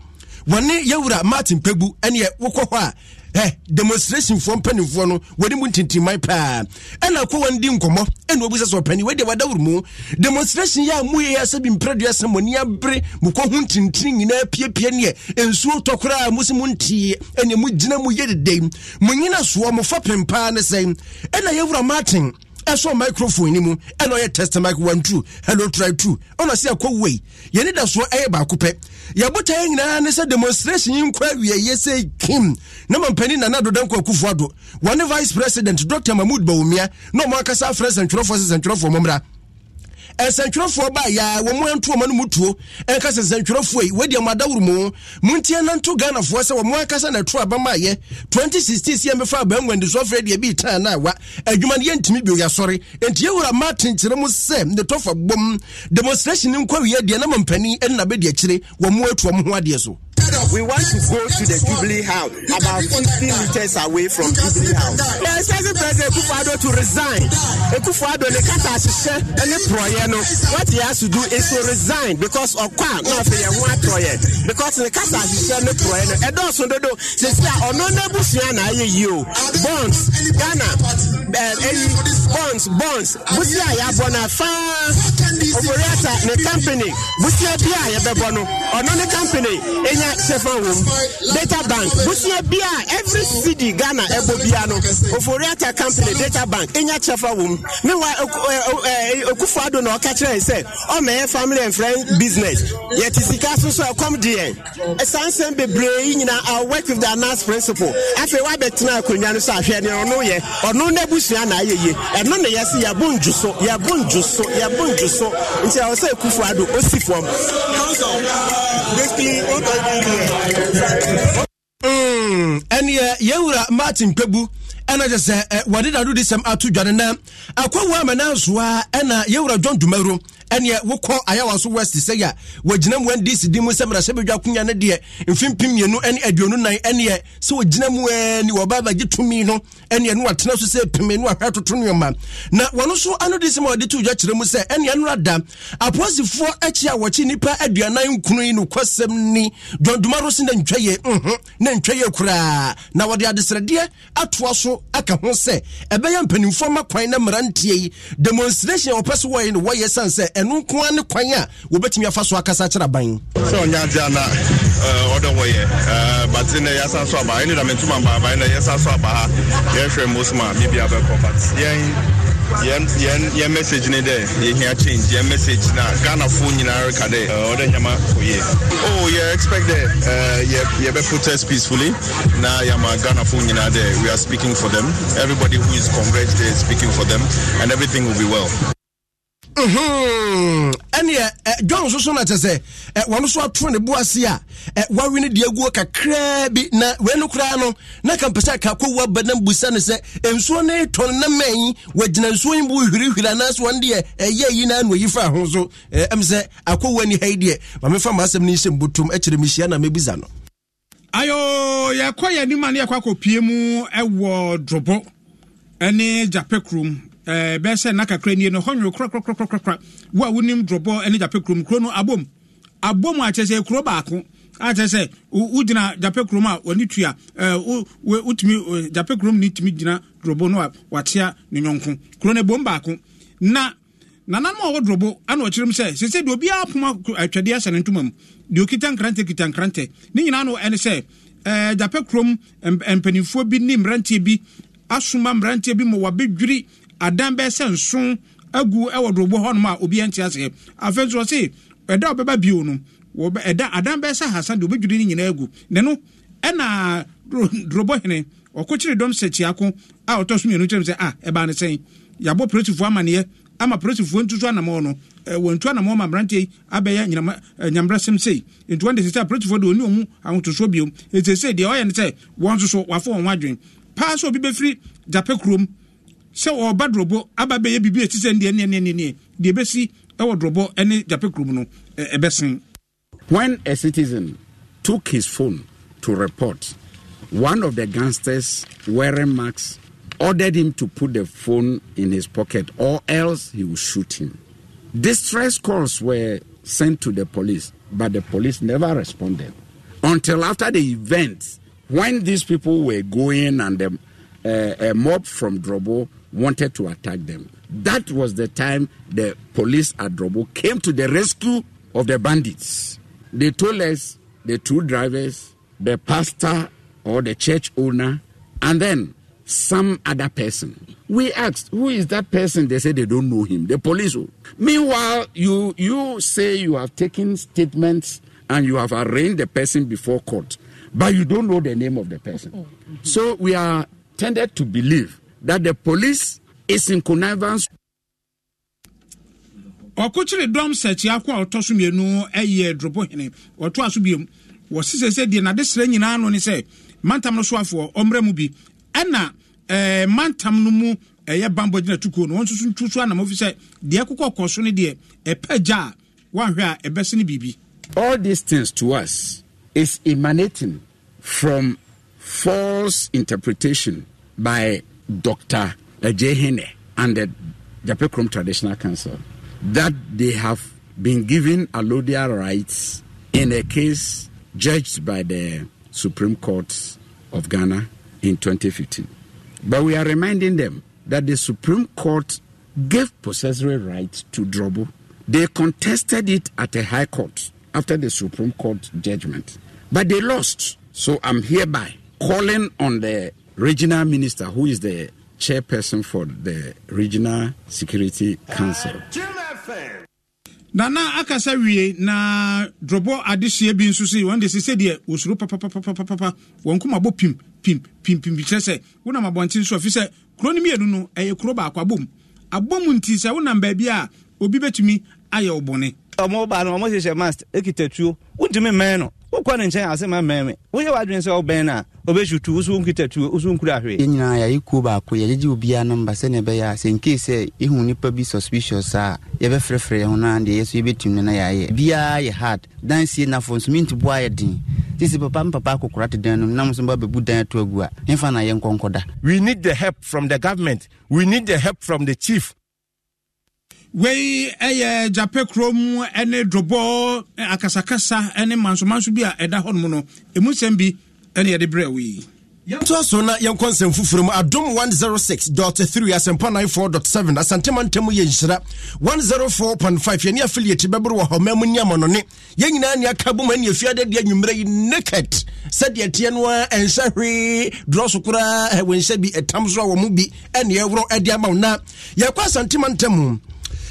wɔne yɛwura martin pegu ɛneɛ wokɔ hɔ a eh, demonstration foɔ mpanimfoɔ no wɔde mu ntintinman paa ɛna kɔ wɔn di nkɔmɔ ɛna obusa sɛ ɔpani wɔde wadawuru mu demonstration yɛ a mu yɛ sɛ bi mpɛrɛdua sɛ mo nia bere mo kɔ ho ntintin nyinaa piepie neɛ nsuo tɔ koraa mo si mo ntie ɛna mo gyina mo yɛ dede mo nyina soɔ mo fa pɛn paa ne sɛn ɛna yɛwura martin. ɛso microphone ni mu ɛna ɔyɛ test mic one two hello try two ɔna se ɛkɔ wei yɛne da soɔ ɛyɛ baako pɛ yɛbotaeɛ nyinaa ne sɛ demonstration yi nkɔ awieɛ sɛ kim na mampani nana dodanko akufo ado wɔne vice president dr mahmud bawumia na ɔmo akasa afrɛ sɛntwerɛfoɔ sɛ sɛntwerɛfoɔ ɛsɛntwerɛfoɔ ba yɛa wɔ mo anto ɔma no mu tuo ɛnka sɛ sɛntwerɛfoɔ yi wɔdi ɔma adaworo mu montiɛ nto ghanafoɔ sɛ wɔmo ankasa na ɛto aba ma yɛ 2016 sɛ yɛmɛfa abanwandisoɔ frɛ deɛ bi taa no awa adwuma no yɛntumi bio yɛasɔre enti yɛwura ma atenkyerɛ mu sɛ ne tɔfa bom demonstration no nkɔwieɛ deɛ na ma mpani ɛne nabɛdi akyire wɔ mo atu ɔmo ho adeɛ so We want to go to the Jubilee House, about 50 meters away from Jubilee House. They are expecting President Kufuado to resign. Kufuado, the kata asise, any project, no. What he has to do is to resign because of Kwa, not for your one Because the kata asise, any project, no. Edo Sundodo, they say, Ononebu Siana, you, bonds, Ghana, bonds, bonds, Busia, Yabona, Far, Operata, the company, Busia, Bia, Yabona, Onone company, and yet, ɛfa wɔ mu data bank busua bia every cd ghana ɛbɔ bia no oforiata company data bank enya kyɛfa wɔ mu mewa okufo ado na ɔka kyerɛ sɛ ɔmɛyɛ family and friend business yɛte sika so ɛkɔm deɛ ɛsansɛn bebree nyinaa i work with the nurse principal afei wabɛtena akonnwa no so ahwɛ ne ɔno yɛ ɔno n'abusua na ayɛ yie ɛno ne yɛsi yɛbu nju so yɛbu nju so yɛbu nju so nti ɛwɔ sɛ ekufo ado osi fam. basically what i do here. Hmm, ɛneɛ eh, yɛwura martin pɛbu ɛna kyɛ sɛ eh, wɔde dadodesɛm ato dwane na akwawu ama nansoa ɛna yɛwura john dumaro ɛneɛ wokɔ ayawa so west sɛ yɛ wɔgyina mu ndc di mu sɛ mmarahyɛ badwa konya no deɛ mfimpi mmienu ne aduonu nan ɛneɛ sɛ wɔgyina mu ani wɔba bagye tumi no ɛneɛ no watena so sɛ peme no ahwɛ toto nneɔma na wɔno so ano de sɛ ma wɔde to dwa kyerɛ mu sɛ ɛneɛ no ada apolisifoɔ akyi a wɔkye nnipa aduanan nkunu yi nokwasɛm ni dwandoma no se na ntwa yɛ mhm na ntwa yɛ koraa na wɔde adesrɛdeɛ atoa so aka ho sɛ ɛbɛyɛ mpanimfoɔ ma kwan na mmeranteɛ yi demonstration a wɔpɛ so wɔyɛ no wɔyɛ sane sɛ ɛno nko ara ne kwan a wɔbɛtumi afa so akasa kyerɛ aban sɛ ɔnyɛ agye ana eh, ɔdɔ wɔyɛ eh, but ne yɛasa so aba ɛne dame ntoma baaba ɛne yɛsa so aba ha yɛhwɛ most ma biribia bɛkɔ but yɛn yɛn message ne dɛ yɛhia change yɛn message na ghanafoɔ nyinaa reka dɛ eh, ɔdɛ nyama oyɛ o oh, yɛ expect dɛ yɛbɛ protest peacefully na yɛama ghanafoɔ nyinaa dɛ we are speaking for them everybody who is converged there is speaking for them and everything will be well ɛneɛ john soso no kyɛ sɛ wɔno so atoro ne boase a wawe no deɛ guo kakraa bi na wei no koraa no na kampɛ sɛ kakɔwu aba na busa no sɛ nsuo no tɔn na mayi wagyina nsuo yi bo hwirihwiri anaasɛ wɔn deɛ ɛyɛ yi na anoayi fa ho so ɛm sɛ akɔwu ani ha yi deɛ ma mefa maasɛm no nhyɛ mbotom akyerɛ mehyia na mɛbisa no ayo yɛkɔ yɛ anim a ne yɛkɔ mu ɛwɔ drobo ɛne gyapɛ Eh, bɛsɛ na kakra nie no hɔ nwo wo a wonim drɔbɔ ne gyapɛ kurom abom abom a sɛ kuro baako sɛ a wɔne tu eh, wotumi gyapɛ eh, kurom ne tumi gyina drɔbɔ no a watea ne kuro no bom baako na nananom a wɔwɔ drɔbɔ ana ɔkyerɛm sɛ sɛsɛ deɛ obiara atwadeɛ ntoma mu deɛ nkrantɛ kita nkrantɛ ne nyinaa no adan bɛsɛ nson agu ɛwɔ dorobo hɔnom a obi ɛnte aseɛ afei nso ɛda ɔbɛba bio no ɛda adan bɛsɛ hasa deɛ obɛdwiri nyinaa agu ne no ɛna dorobo hene ɔkɔkyere dɔm sɛ kyiako a ɔtɔ so mmienu kyerɛ sɛ a ah, ɛbaa ne sɛn yɛabɔ polisifoɔ amaneɛ ama polisifoɔ no wɔntu ma mmeranteɛ yi abɛyɛ nyambrɛsɛm sei de polisifoɔ ahotosoɔ biom sɛ aba bɛyɛ biribi ɛti sɛ ndeɛ deɛ ɛwɔ kurom no ɛbɛsen when a citizen took his phone to report one of the gangsters wearing masks ordered him to put the phone in his pocket or else he would shoot him distress calls were sent to the police but the police never responded until after the event when these people were going and the uh, a mob from drobo wanted to attack them. That was the time the police at Drobo came to the rescue of the bandits. They told us the two drivers, the pastor or the church owner, and then some other person. We asked, who is that person? They said they don't know him. The police. Meanwhile, you you say you have taken statements and you have arraigned the person before court, but you don't know the name of the person. So we are tended to believe that the police is in connivance. ɔkokyere dɔm sɛkyiako ɔtɔ so mmienu ɛyɛ dorobohene ɔto aso biom wɔsesɛ sɛ deɛ nade serɛ nyinaa no ne sɛ mantam no soafoɔ ɔmmrɛ mu bi ɛna ɛɛ eh, mantam no mu ɛyɛ bambɔ gyina tukuo no wɔn nso so anam ofi sɛ deɛ kokɔ so no deɛ ɛpɛ gya a wɔahwɛ a ɛbɛsi ne biribi. all these things to us is emanating from false interpretation by Dr. Ejehene and the Japekrom Traditional Council that they have been given allodial rights in a case judged by the Supreme Court of Ghana in 2015. But we are reminding them that the Supreme Court gave possessory rights to Drobo. They contested it at a high court after the Supreme Court judgment, but they lost. So I'm hereby calling on the regional minister who is the chairperson for the regional security council. Uh, nana akasa wie na drɔbɔ adehyia bi nso se wɔn de sɛ sɛdeɛ wɔsuro papapapapapa wɔn kɔn abɔ pim pim pim pim kyerɛ sɛ wɔnam abɔnten so afi sɛ kuro no mmienu no ɛyɛ kuro baako abom abom nti sɛ wɔnam baabi a obi bɛtumi ayɛ wɔbɔne ɔmo ba no ɔmo hyehyɛ mask ekitatuo wontumi mmɛn no wokɔ nkyɛn ase ma mmɛn me woyɛ w'adwene sɛ wobɛn no a obɛsu tu woso nkitatuo woso nkura hwee yɛn nyinaa yɛayɛ kuo baako yɛgyegye obiaa namba sɛne ɛbɛyɛ a sɛ nkei sɛ yɛhu nnipa bi suspicious a yɛbɛfrɛfrɛ yɛ ho no deɛ yɛ so yɛbɛtumi no na yɛayɛ biaa yɛ hard dansie nafo nso menteboa yɛ den sisi papa mpapa akokora te dan nom nam so babɛbu dan ato agu a ɛmfa na yɛnkɔnkɔda we need the help from the government we need the help from the chief wei ɛyɛ gyape kurom ne drobɔ akasakasa ne mansomanso bi a ɛda hɔ nom no ɛmu nsɛm bi ɛne yɛde berɛ wei yɛntoa so na yɛnkɔ nsɛm foforɔ mu adom 106.3 asɛmpa 94.7 asantema ntam yɛ nhyira 104.5 yɛne affiliate bɛboro wɔ hɔ ma mu ne amanɔne yɛn nyinaa ne aka bom ane afiada deɛ anwummerɛ yi naked sɛdeɛ teɛ no a ɛnhyɛ hwee dorɔ so koraa wɔnhyɛ bi ɛtam so a wɔ mu bi ɛne ɛworɔ ɛde ama wo na yɛkɔ asantema ntam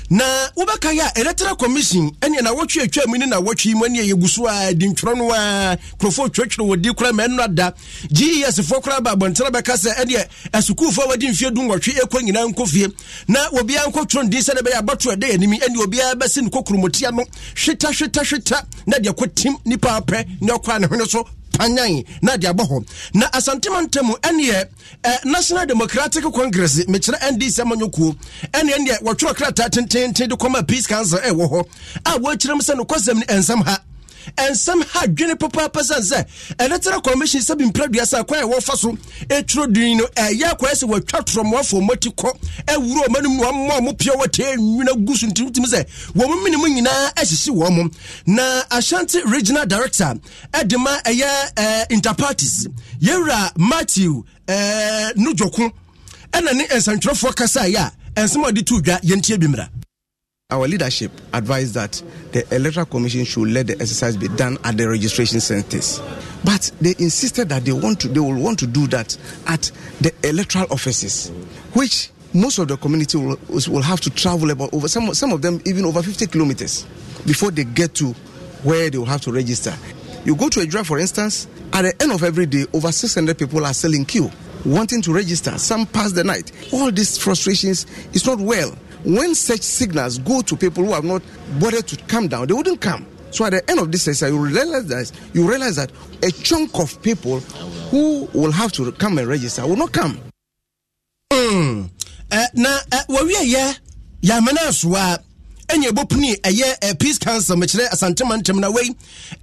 na wobɛka yɛ a electoral commission ɛneɛ na wɔtwe atwa mu ne na wɔtwe mu ɛneɛ yɛgu so a di ntwerɛ no a kurɔfoɔ twerɛtwerɛ wɔ kora ma ada ges kora ba abɔntena bɛka sɛ ɛneɛ asukuufoɔ wɔde mfeɛ du nwɔtwe ɛkɔ nyinaa nkɔ fie na obiara nkɔ twerɛ no din sɛdeɛ bɛyɛ abato ɛda animi ɛne obiara bɛse no kɔkuromotia no hweta hweta hweta na deɛ kɔtim nipa apɛ ne ɔkɔa ne hwene so panyan na de abɔ hɔ na asantema ntam ɛneɛ eh, national democratic congress mekyerɛ ndc amanyɔ kuo ɛne ɛneɛ wɔtwerɛ krataa tententen de kɔma peace council ɛwɔ hɔ a wɔakyerɛ m sɛ nokwasɛm ne ɛnsɛm ha ɛnsɛm ha dwene papaapa sɛn sɛ ɛne tena commission sɛ bimpradua sa kwan a wɔfa so ɛturo din no ɛyɛ akwan sɛ wɔatwa torɔmmoafoɔ mati kɔ awuro ɔma no mu ɔmma ɔmo pia wɔtee nwina gu so nti wotumi sɛ wɔ mo mene mu nyinaa ahyehye wɔ mo na ashanti regional director ɛde ma ɛyɛ interparties yɛwura matthew nodwoko ɛna ne nsɛntwerɛfoɔ kasa yɛ a ɛnsɛm a ɔde to dwa yɛntie bi Our leadership advised that the Electoral Commission should let the exercise be done at the registration centers. But they insisted that they want to they will want to do that at the electoral offices, which most of the community will, will have to travel about over some, some of them even over 50 kilometers before they get to where they will have to register. You go to a drive, for instance, at the end of every day, over 600 people are selling queue, wanting to register. Some pass the night. All these frustrations is not well when such signals go to people who have not bothered to come down, they wouldn't come. So at the end of this exercise, you realize that you realize that a chunk of people who will have to come and register will not come. Mm. Uh, na uh, eh, wɔwie yɛ yɛamena asoa a ɛnyɛ bɔpuni ɛyɛ uh, eh, peace council mekyerɛ asantema ntam na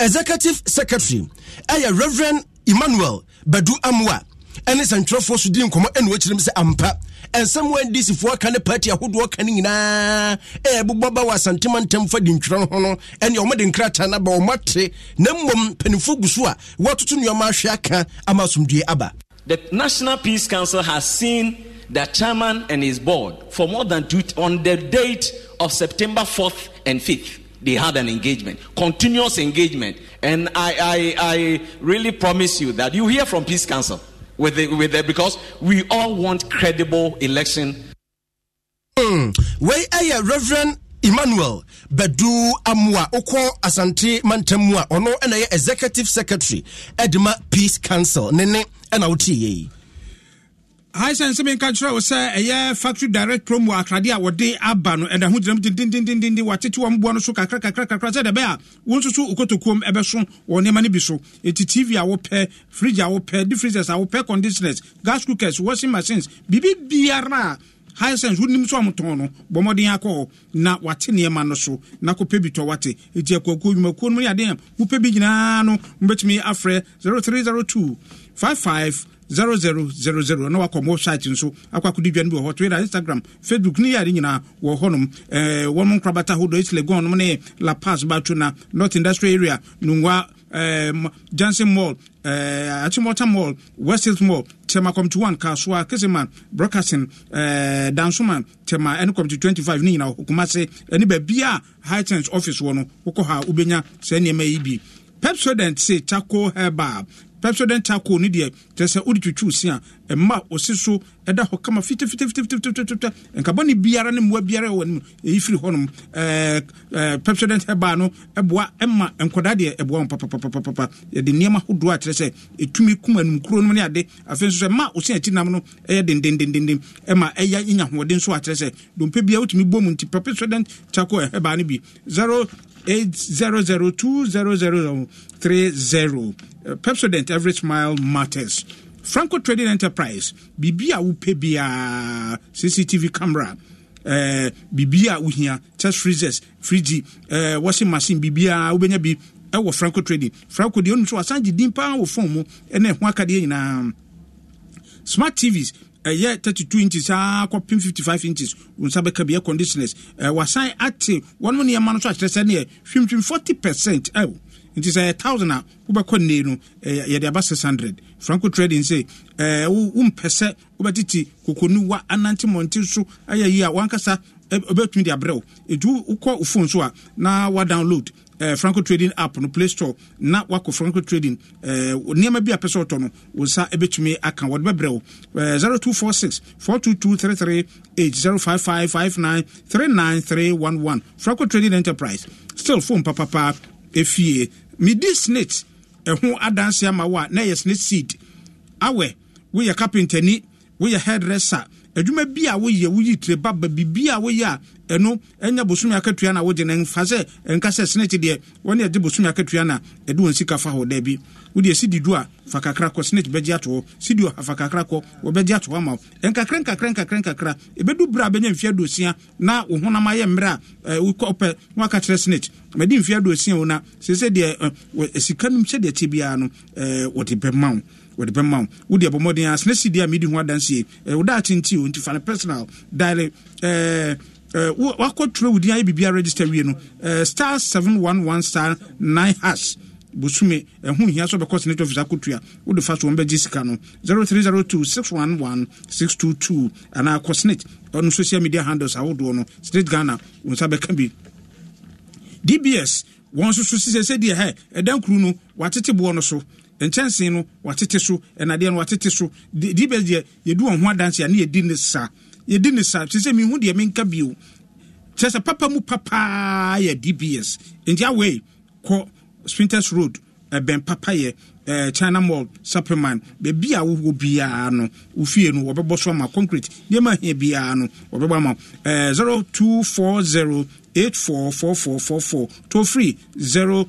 executive secretary ɛyɛ reverend emmanuel badu amoa ɛne sɛntwerɛfoɔ so di nkɔmmɔ ɛne wɔkyerɛm sɛ ampa ɛnsɛm wa ndisifoɔ ka ne party ahodoɔ ka ne nyinaa ɛɛbobɔ ba wɔ asantema ntam fa di ntwerɛ ho no ɛne ɔmode nkrataa no aba ɔmo ate eh, na mmom mpanimfoɔ gu so a wɔatoto nneɔma ahwɛ aka ama asomdue aba The National Peace Council has seen the chairman and his board for more than two on the date of September 4th and 5th. They had an engagement, continuous engagement. And I, I, I really promise you that you hear from Peace Council with it with because we all want credible election. Mm. Where are Reverend Emmanuel Bedu Amwa Oko Asante Mantemwa? Ono and executive secretary Edma Peace Council Nene and Autiye. haisa nsɛm nka kyerɛ wo sɛ ɛyɛ factory direct promo akrade a wɔde aba no ɛda ho gyinam dendendendende watete wɔ mboa no so kakrakakrakakra sɛ dɛbɛ a wo nso so okotokuom ɛbɛso wɔ nneɛma no bi so ɛti tv a wopɛ fridge a wopɛ de freezers a wopɛ conditioners gas cookers washing machines biribi biara a high sense wonim so ɔmotɔn no bɔ akɔ hɔ na wate nneɛma no so na kɔpɛ bi tɔ wate ɛti akuakuo dwumakuo no mu ne adeɛ a wopɛ bi nyinaa no mobɛtumi afrɛ 0302 55 0000 na wakɔ mo site nso akɔ akɔdi dwa no bi wɔ hɔ twitter instagram facebook ne yare nyinaa wɔ hɔnom eh, wɔn nkorabata hodo isle gɔnom ne la pass bato na north industrial area nungwa um, eh, johnson mall eh, Atimota mall west hills mall tema committee one kasuwa keseman broadcasting uh, eh, dansoman tema ɛne committee twenty five ne nyinaa wɔ kumase ɛne baabi a hightense office wɔ no wokɔ ha wobɛnya saa nneɛma yi bi pepsodent se charcoal herbal pɛpsɛ dɛn ta koo no deɛ kyerɛ sɛ wode twitwiw se a ɛma ɔsi so ɛda hɔ kama fitafitafitafitafita nkabɔne biara ne mmoa biara wɔ no ɛyi firi hɔnom pepsodent ɛbaa no ɛboa ɛma nkɔdaa deɛ ɛboa wɔn papapapapa yɛde nneɛma ahodoɔ akyerɛ sɛ ɛtumi kuma numkuro no ne ade afei nso sɛ ma ɔsi akyi nam no ɛyɛ dendendendenden ɛma ɛyɛ nya ahoɔden nso akyerɛ sɛ dompe bia wotumi bɔ mu nti pepsodent chako ɛbaa no bi zero 800 2000 30 pepsodent every smile matters franco trading enterprise biribi a wopɛ biara cctv camera uh, eh, biribi a wohia test freezers frigi uh, eh, washing machine biribiara wobɛnya bi ɛwɔ franco trading franco deɛ ɔnu so asan gye din paa wɔ fone mu ɛna ɛho akadeɛ nyinaa smart tvs ɛyɛ uh, thirty two inches saa kɔpem fifty five inches wɔn nsa bɛka bi air conditioners ɛɛ uh, eh, wasan ate wɔn nneɛma no so akyerɛ sɛ neɛ hwimhwim forty percent ɛwɔ nti sɛ ɛyɛ thousand a wobɛkɔ nnei no eh, yɛde aba 600 franco trading sɛ eh, wompɛ sɛ wobɛtete kokonuwa anante mmɔnte so ayɛ yi a wankasa wobɛtumi eh, de abrɛ wo ɛnti wokɔ wo phone so a na wadownload Uh, franco trading app no play store na wakɔ franco trading uh, nneɛma bi a pɛ sɛ ɔtɔ no wo nsa bɛtumi aka wɔde bɛbrɛ wo uh, 0246 42233 0555939311 franco trading enterprise still phone papapaa ɛfie medi snit ɛho adanse ama wo a na ɛyɛ snit seed awɛ woyɛ carpentani woyɛ headresser adwuma bi a woyɛ woyi tire baba biribi a woyɛ a ɛno ɛnya bosome akatua na wogye no mfa sɛ ɛnka sɛ senete deɛ wɔne ɛgye bosome akatua na ɛde wɔn sika fa hɔ daabi wode sidi du a fa kakra kɔ senate bɛgye ato hɔ sidi ɔha fa kakra kɔ wɔbɛgye ato hɔ ama wo ɛnkakra nkakra nkakra nkakra ɛbɛdu berɛ a bɛnya mfeɛ aduosia na wo honam ayɛ mmerɛ a wopɛ na waka kyerɛ senate madi mfeɛ aduosia wo na sɛ sɛ deɛ sika nom sɛdeɛ ɛte biara no wɔde bɛma wo wɔde bɛma wo wode bɔ mmɔden a sene si deɛ a medi ho adansie woda akyenti o nti fa personal dale wakɔtwerɛ wo din ayɛ biribia register wie no star 711 star 9 hash bosume ɛho hia sɛ bɛkɔ senate office akotua wode fa so wɔn bɛgye sika no 0302 611 622 anaa kɔ senate ɔno social media handles ahodoɔ no state ghana wo nsa bɛka bi dbs wɔn nso so sisɛ sɛdeɛ hɛ ɛda nkuru no watete boɔ no so nkyɛnsee no watete so ɛnadeɛ no watete so dbs deɛ yɛdu wɔn ho adanse a yɛdi ne saa yɛdi ne saa kyerɛ sɛ mehu deɛ menka bio kyerɛ sɛ papa mu papa yɛ dbs nti awei kɔ sprinters road ɛbɛn papa yɛ Uh, china mall supplement baabi a wowɔ biara no wofie no wɔbɛbɔ so ama concrete nneɛma ahia biara no wɔbɛbɔ ama four four four toll free zero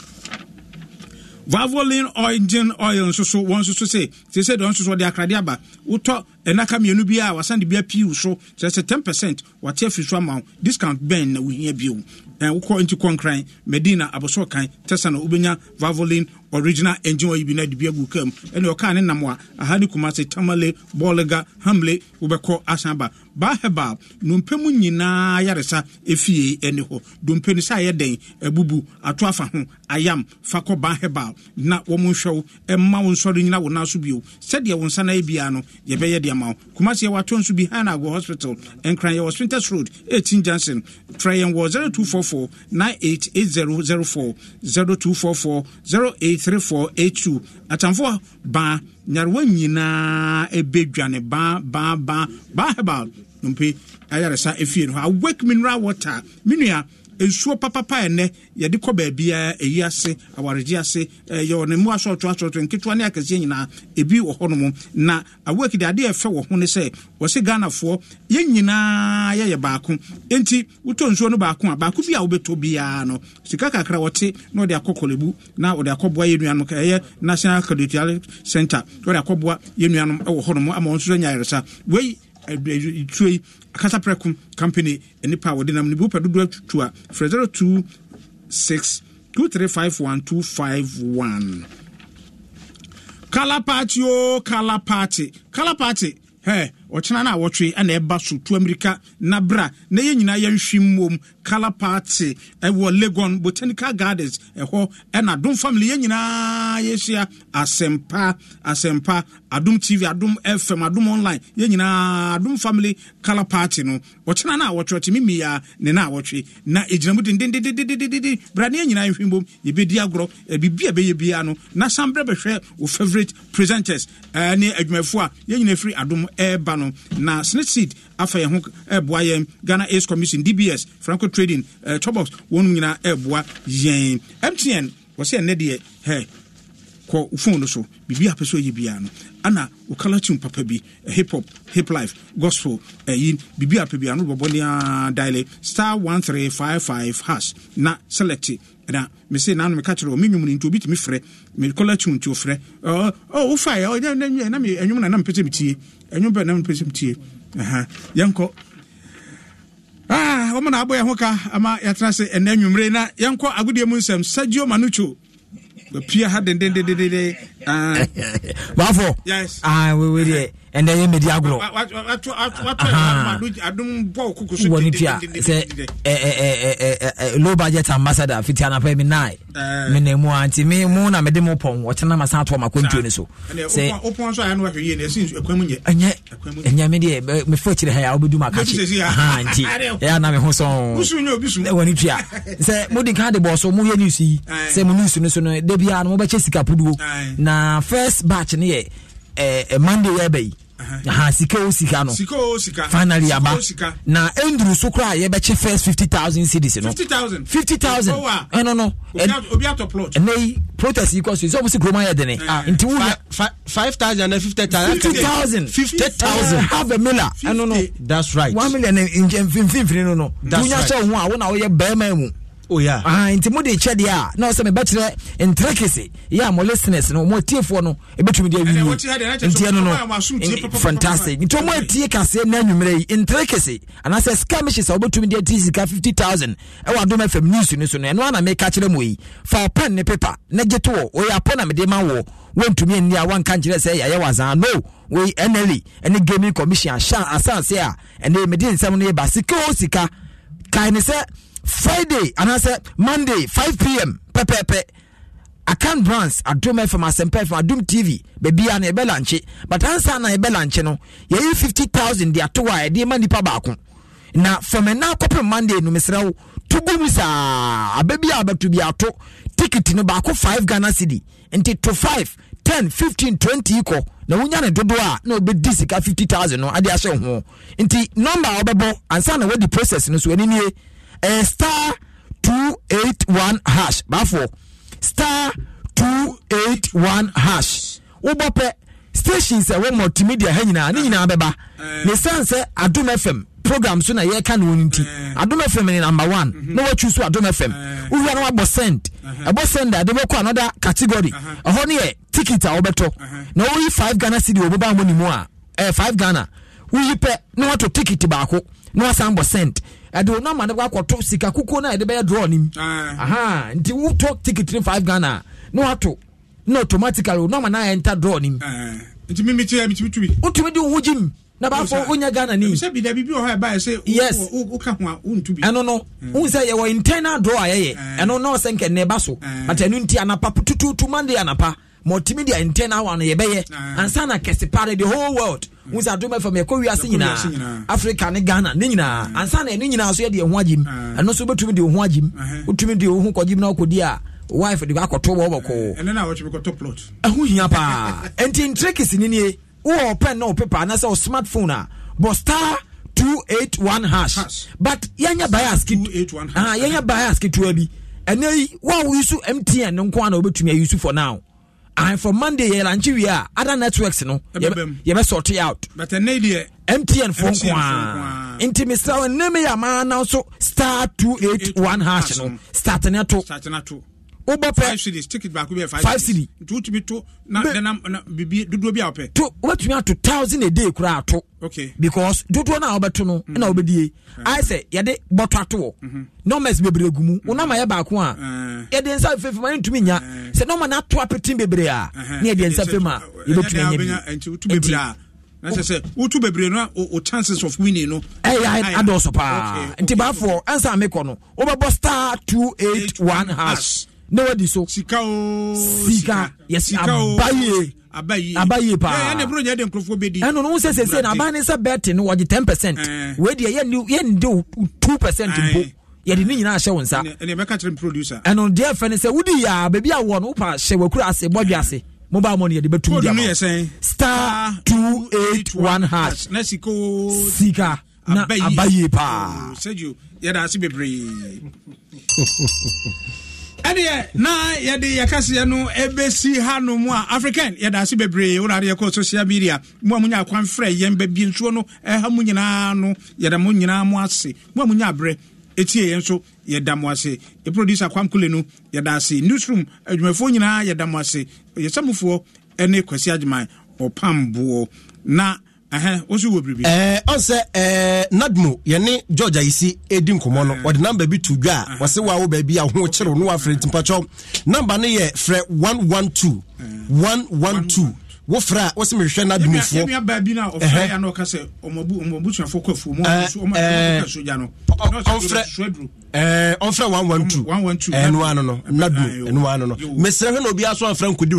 valvoline engine oil nso so wɔn nso so se te sɛ deɛ wɔn nso so wɔde akrade aba wotɔ ɛnaka mmienu bi a wasan de bi api wo so kyerɛ sɛ ten percent wate afi so ama wo discount bɛn na wohia bio ɛn wokɔ nti kɔnkran medina abosɔkan tɛsa na wobɛnya valvoline original engine oil bi na de bi agu kam ɛne ɔkaa ne nam a aha ne kumase tamale bɔlega hamle wobɛkɔ asan ba baheba dompe mu nyinaa yaresa efie ɛne hɔ dompe no sɛ ayɛ den abubu ato afa ho ayam fa kɔ baheba na wɔn nhwɛ wo ɛma wo nsɔre nyina wo nan so bio sɛdeɛ wo nsa na ayɛ biara no yɛbɛyɛ deɛ ma wo kumase yɛwɔ ato nso bi high nago hospital nkran yɛwɔ swinters road zero junction four yɛn wɔ 0244 988004 0244 08 3482 atamfoɔ baa nyarewa nyinaa ɛbɛdwane baa baa ba ba herbal nompe ayaresa efie no hɔ awake mineral water menua nsuo papapa ɛnɛ yɛde kɔ baabiara ɛyi eh, ase awaregye ase ɛyɛ eh, ɔne mu asɔɔtɔ asɔɔtɔ nketewa ne akɛseɛ nyinaa ebi wɔ hɔnom na awake de adeɛ ɛfɛ wɔ ho ne sɛ wɔse ghanafoɔ yɛn nyinaa yɛyɛ baako enti wotɔ nsuo no baako a baako bi a wobɛtɔ biara no sika kakra wɔte na ɔde akɔ kɔlebu na ɔde akɔboa yɛ nuanom ɛyɛ national cardiac center ɔde akɔboa yɛ nuanom ɛwɔ hɔnom ama wɔn nso tuo yi akasa prɛko company nipa a wɔde nam ne bi wopɛ dodoɔ atutu a frɛ 026 2351 kala party o oh, kala party kala party hey ɔkyena no a wɔtwe ɛna ɛba so tu amerika nabra na yɛn nyinaa yɛnhwe mmom color party ɛwɔ legon botanical gardens ɛhɔ ɛna adom family yɛn nyinaa yɛhyia asɛmpa asɛmpa adom tv adom fm adom online yɛn nyinaa adom family kala party no ɔkyena no a wɔtwe ɔtumi mmia ne na a wɔtwe na ɛgyina mu dendendendendendenden bra ne yɛn nyinaa yɛhwe mmom yɛbɛdi agorɔ biribi a bɛyɛ na san brɛ bɛhwɛ wo presenters ne adwumafoɔ a yɛn nyinaa firi adom ɛreba no no na snitch seed afa yɛn ho ɛboa yɛn ghana ace commission dbs franco trading uh, eh, tobox wɔn nyinaa ɛboa yɛn mtn wɔsɛ ɛnɛ deɛ hɛ kɔ phone no so biribi a pɛ sɛ no ana wokala tune papa bi uh, hip hop hip life gospel ɛyi eh, uh, biribi a pɛ biara no bɔbɔ nea diale star 1355 hash na select na mese nanu meka kyerɛ me nwum no nti obi tumi frɛ mekɔla tune nti ofrɛ wofaɛ na enwum na na mepɛ sɛ metie ɛnwom pɛ nam pɛsɛm tie yɛnkɔ wɔma na abɔ yɛ ho ka ama yɛtena se ɛnɛ nwummere na yɛnkɔ agodeɛ mu nsɛm sagio ma no two bapia ha dendendendenden maafo ah. yes ah, wewe deɛ ɛnɛ yɛ mɛdi agorɔ wɔ ne tua sɛ low budget ambassador fiti anapa mi nai me na mu a nti me mu na mede mu pɔn ɔkyena ma san to ma kontuo ne so sɛ ɛnyɛ ɛnyɛ me deɛ mefo kyerɛ ha a wobɛdu ma ka kye nti ɛyɛ na me ho sɔn wɔ ne tua sɛ modi nka de bɔɔ so moyɛ news yi sɛ mo news no so no da biaa no mobɛkyɛ sika poduo na first batch ne yɛ monday yɛ bɛyi aha sika o sika no sika o sika finally Sika aba na enduru so koraa yɛbɛkye first fifty thousand cedis no fifty thousand fifty thousand ɛno no obi atɔ plot ɛnna yi protest yi kɔ so sɛ ɔmo si kuroma yɛ dene nti wu five thousand and fifty thousand fifty thousand fifty thousand half a million. ɛno no that's right one million mfimfini no no dunya sɛ ohun a na wɔyɛ bɛrɛ mɛn mu. Oh, ah, nti mode kyɛdeɛ a na ɔsɛ mebɛkyerɛ ntrɛkese yɛ a mo listeners no mo atiefoɔ no ɛbɛtumi de awintiɛ no fantastic nti ɔmo atie kaseɛ na anwummerɛ yi ntrɛkese anaasɛ sika mehye sɛ wobɛtumi de ati sika 50000 ɛwɔ adom fam news no so no ɛno ana meka kyerɛ mu yi fa pan ne pepa na gye to wɔ ɔyɛ apɔ na mede ma wɔ wɔntumi anni a wanka nkyerɛ sɛ yɛayɛ wazaa no wei nle ɛne gaming commission ahyɛ asase a ɛne mede nsɛm no yɛba sika o sika kae ne sɛ friday anaasɛ monday 5 pm pɛpɛɛpɛ akan brands adom fm asɛmpa fm adom tv baabia na yɛbɛ lanche but ansa na yɛbɛ lanche no yɛyi 50000 de ato a ɛde ma nnipa baako na fam ɛna kɔpem monday no mesrɛ wo go mu saa aba ah, ah, ah, bi a abɛto bi ato oh, ticket no baako 5 ghana city nti to 5 10 15 20 kɔ na wonya ne dodoɔ a oh, oh. na wobɛdi sika 50000 no ade ahyɛ ho nti number a wobɛbɔ ansa na wadi process no so ɛne eh? nie ɛyɛ star two eight one hash baafo star two eight one hash wobɔ pɛ stations ɛwɔ multimedia ha nyinaa ne nyinaa bɛba eh. ne san sɛ adum fm program so na yɛka no wɔn nti eh. adum fm ne number one mhm. na wɔatwi so adum fm eh. wowura na wabɔ send uh-huh. ɛbɔ send a de bɛkɔ another category uh-huh. ɛhɔ ne yɛ ticket a wɔbɛtɔ uh-huh. na wɔyi five ghana cedi wɔ bɛba mu ne mu a ɛɛ five ghana woyi pɛ na wɔatɔ ticket baako. na wasan bɔ cent ɛde wɔn nama ne wakɔto sika kuku na yɛde bɛyɛ draw nim ah. aha nti wotɔ ticket ne five ghana na wato na automatically wɔn nama na yɛ nta draw nim. Ah. nti mi mi tiɛ mi o tumi. wotumi di wo jim na b'a fɔ o nya ghana ni. sɛ bi dabi bi wɔ hɔ ɛba yɛ sɛ. yes o ka ho a o ntu bi. ɛno no n mm. sɛ yɛ wɔ internal draw a yɛ yɛ ah. n'o n'ɔsɛ nkɛ nɛɛba so pata ɛnu nti anapa tututu monday anapa multimedia intern awa no yɛbɛyɛ ah. ansa na kɛse pa de the whole world wọn hmm. sɛ adoma fam yɛkɔ wiase nyinaa africa ne ghana ne nyinaa hmm. ansa na ɛne nyinaa so yɛ de ɛho agye mu ah. ɛno nso wobɛtumi de ɛho agye otumi wotumi de ɛho kɔgye mu na wokɔdi a wife de akɔto wɔ wɔkɔ ɛno na wɔtwe to plot ɛho hia paa ɛnti ntrikis ni nie wowɔ pen na wo paper anaasɛ wo smartphone a bɔ star 281 hash but yanya bias ah, yɛnyɛ bias ketewa bi ɛnɛ yi wo a woyi so mtn no nko a na wobɛtumi ayi so for now and from monday yɛ lankye wie a other networks no yɛbɛ sort it out mtn fo nko a nti mesrɛ wo nne me yɛ man now so star 281 hash no start ne two wobɔ pɛ five series ticket baako bɛ five, five series nti wotumi to na dɛnam na bibi dodoɔ bi a wopɛ. to wobɛtumi ato thousand a day koraa ato. okay because dodoɔ naa wobɛto no ɛna mm-hmm. wobɛdie ayɛ sɛ yɛde bɔtɔ ato wɔ mm-hmm. numbers bebree gu mu wonam ayɛ baako a eh. yɛde nsa fɛfɛ ma yɛntumi nya eh. sɛ nɔɔma na ato apɛtin bebree a eh, ne yɛde nsa fɛfɛ ma yɛbɛtumi anya bi nti nasɛ sɛ wotu bebree no o chances of winning no ɛyɛ adɔɔso paa nti baafoɔ ansa mekɔ no wobɛbɔ star two eight one hash na wadi so sika o sika yɛsi abaye abaye abaye paa ɛna eburo nyɛ de nkurɔfoɔ bɛ di ɛna ɔno sɛ sɛsɛ na abaa ne nsa bɛɛ te no wɔgye ten percent wei deɛ yɛn yɛn de two percent mpo yɛde ni nyinaa ahyɛ wo nsa ɛno deɛ fɛ no sɛ wodi yɛ a a wɔ no wopa hyɛ wakura ase bɔdwe ase mobile money yɛde di deɛ star two eight one hash sika sika na abaye paa oh, sɛgyo yɛda ase bebree ɛdeɛ na yɛde yɛkaseɛ no ɛbɛsi ha no mu a african yɛda ase bebree wonade yɛkɔ social media mo a monya akwan frɛ yɛn baabi nsuo no ɛha mu nyinaa no yɛda mo nyinaa mo ase mo a monya aberɛ ɛtie yɛn so yɛda mo ase ɛproducer kwankole no yɛda ase newsroom adwumafoɔ nyinaa yɛda mo ase yɛsamufoɔ ne kwasi adwuma ɔpamboɔ na ɔsɛ nadmo yɛne george ayisi ɛdi nkɔmmɔ no ɔde bi to dwa a wɔse wo baabi a woho kyerɛw no woafrɛ ntimpatwɔ no yɛ frɛ 112 112 wofrɛ a wosɛ mehwehwɛ no ɔmfrɛ 112 ɛnoa no no nadmu ɛnoa no no mesrɛ hwɛ na obiaa so amfrɛ nkɔdi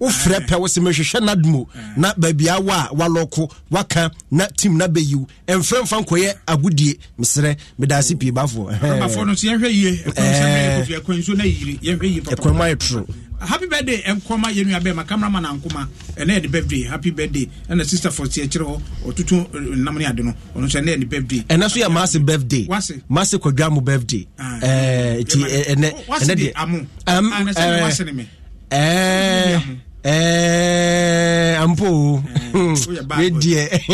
wofrɛ pɛ wo sɛ mehwehwɛ nadmo mm. na baabia wo a walɔko waka na tim na bɛyiw ɛmfrɛ mfa nkɔyɛ agodie meserɛ medaase pie bafoɔɛkwan mu ayɛ toro happy birthday nkɔma yɛ nua bɛma cameraman ankoma ɛnɛ yɛ de birthday happy birthday ɛna sister fɔsi akyerɛ hɔ ɔtutu eh, nam ne ade no ɔno nso ɛnɛ yɛ de birthday ɛnɛ so yɛ maase birthday wase maase kwadwa mu birthday ɛɛ ah. eh, ti eh, ɛnɛ ɛnɛ deɛ amu ɛɛ ah, Eh, eh, ampo eh, oh, wedeɛ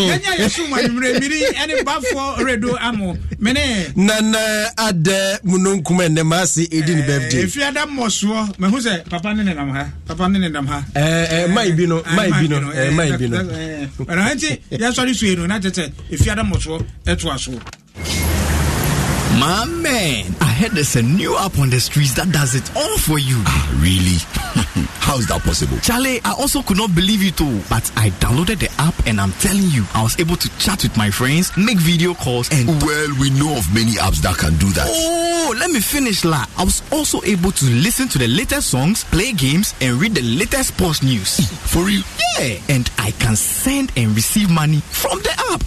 nana ada munonkum ɛnɛma ase ɛdi ne birthdaymai bi no mai bi no mai bi no ɛnti yɛsɔre sue no na kyɛ efiada mmɔsoɔ ɛtoa My man, I heard there's a new app on the streets that does it all for you. Ah, really? How is that possible? Charlie, I also could not believe it too. But I downloaded the app and I'm telling you, I was able to chat with my friends, make video calls, and. Well, we know of many apps that can do that. Oh, let me finish, La. I was also able to listen to the latest songs, play games, and read the latest sports news. for real? Yeah. And I can send and receive money from the app.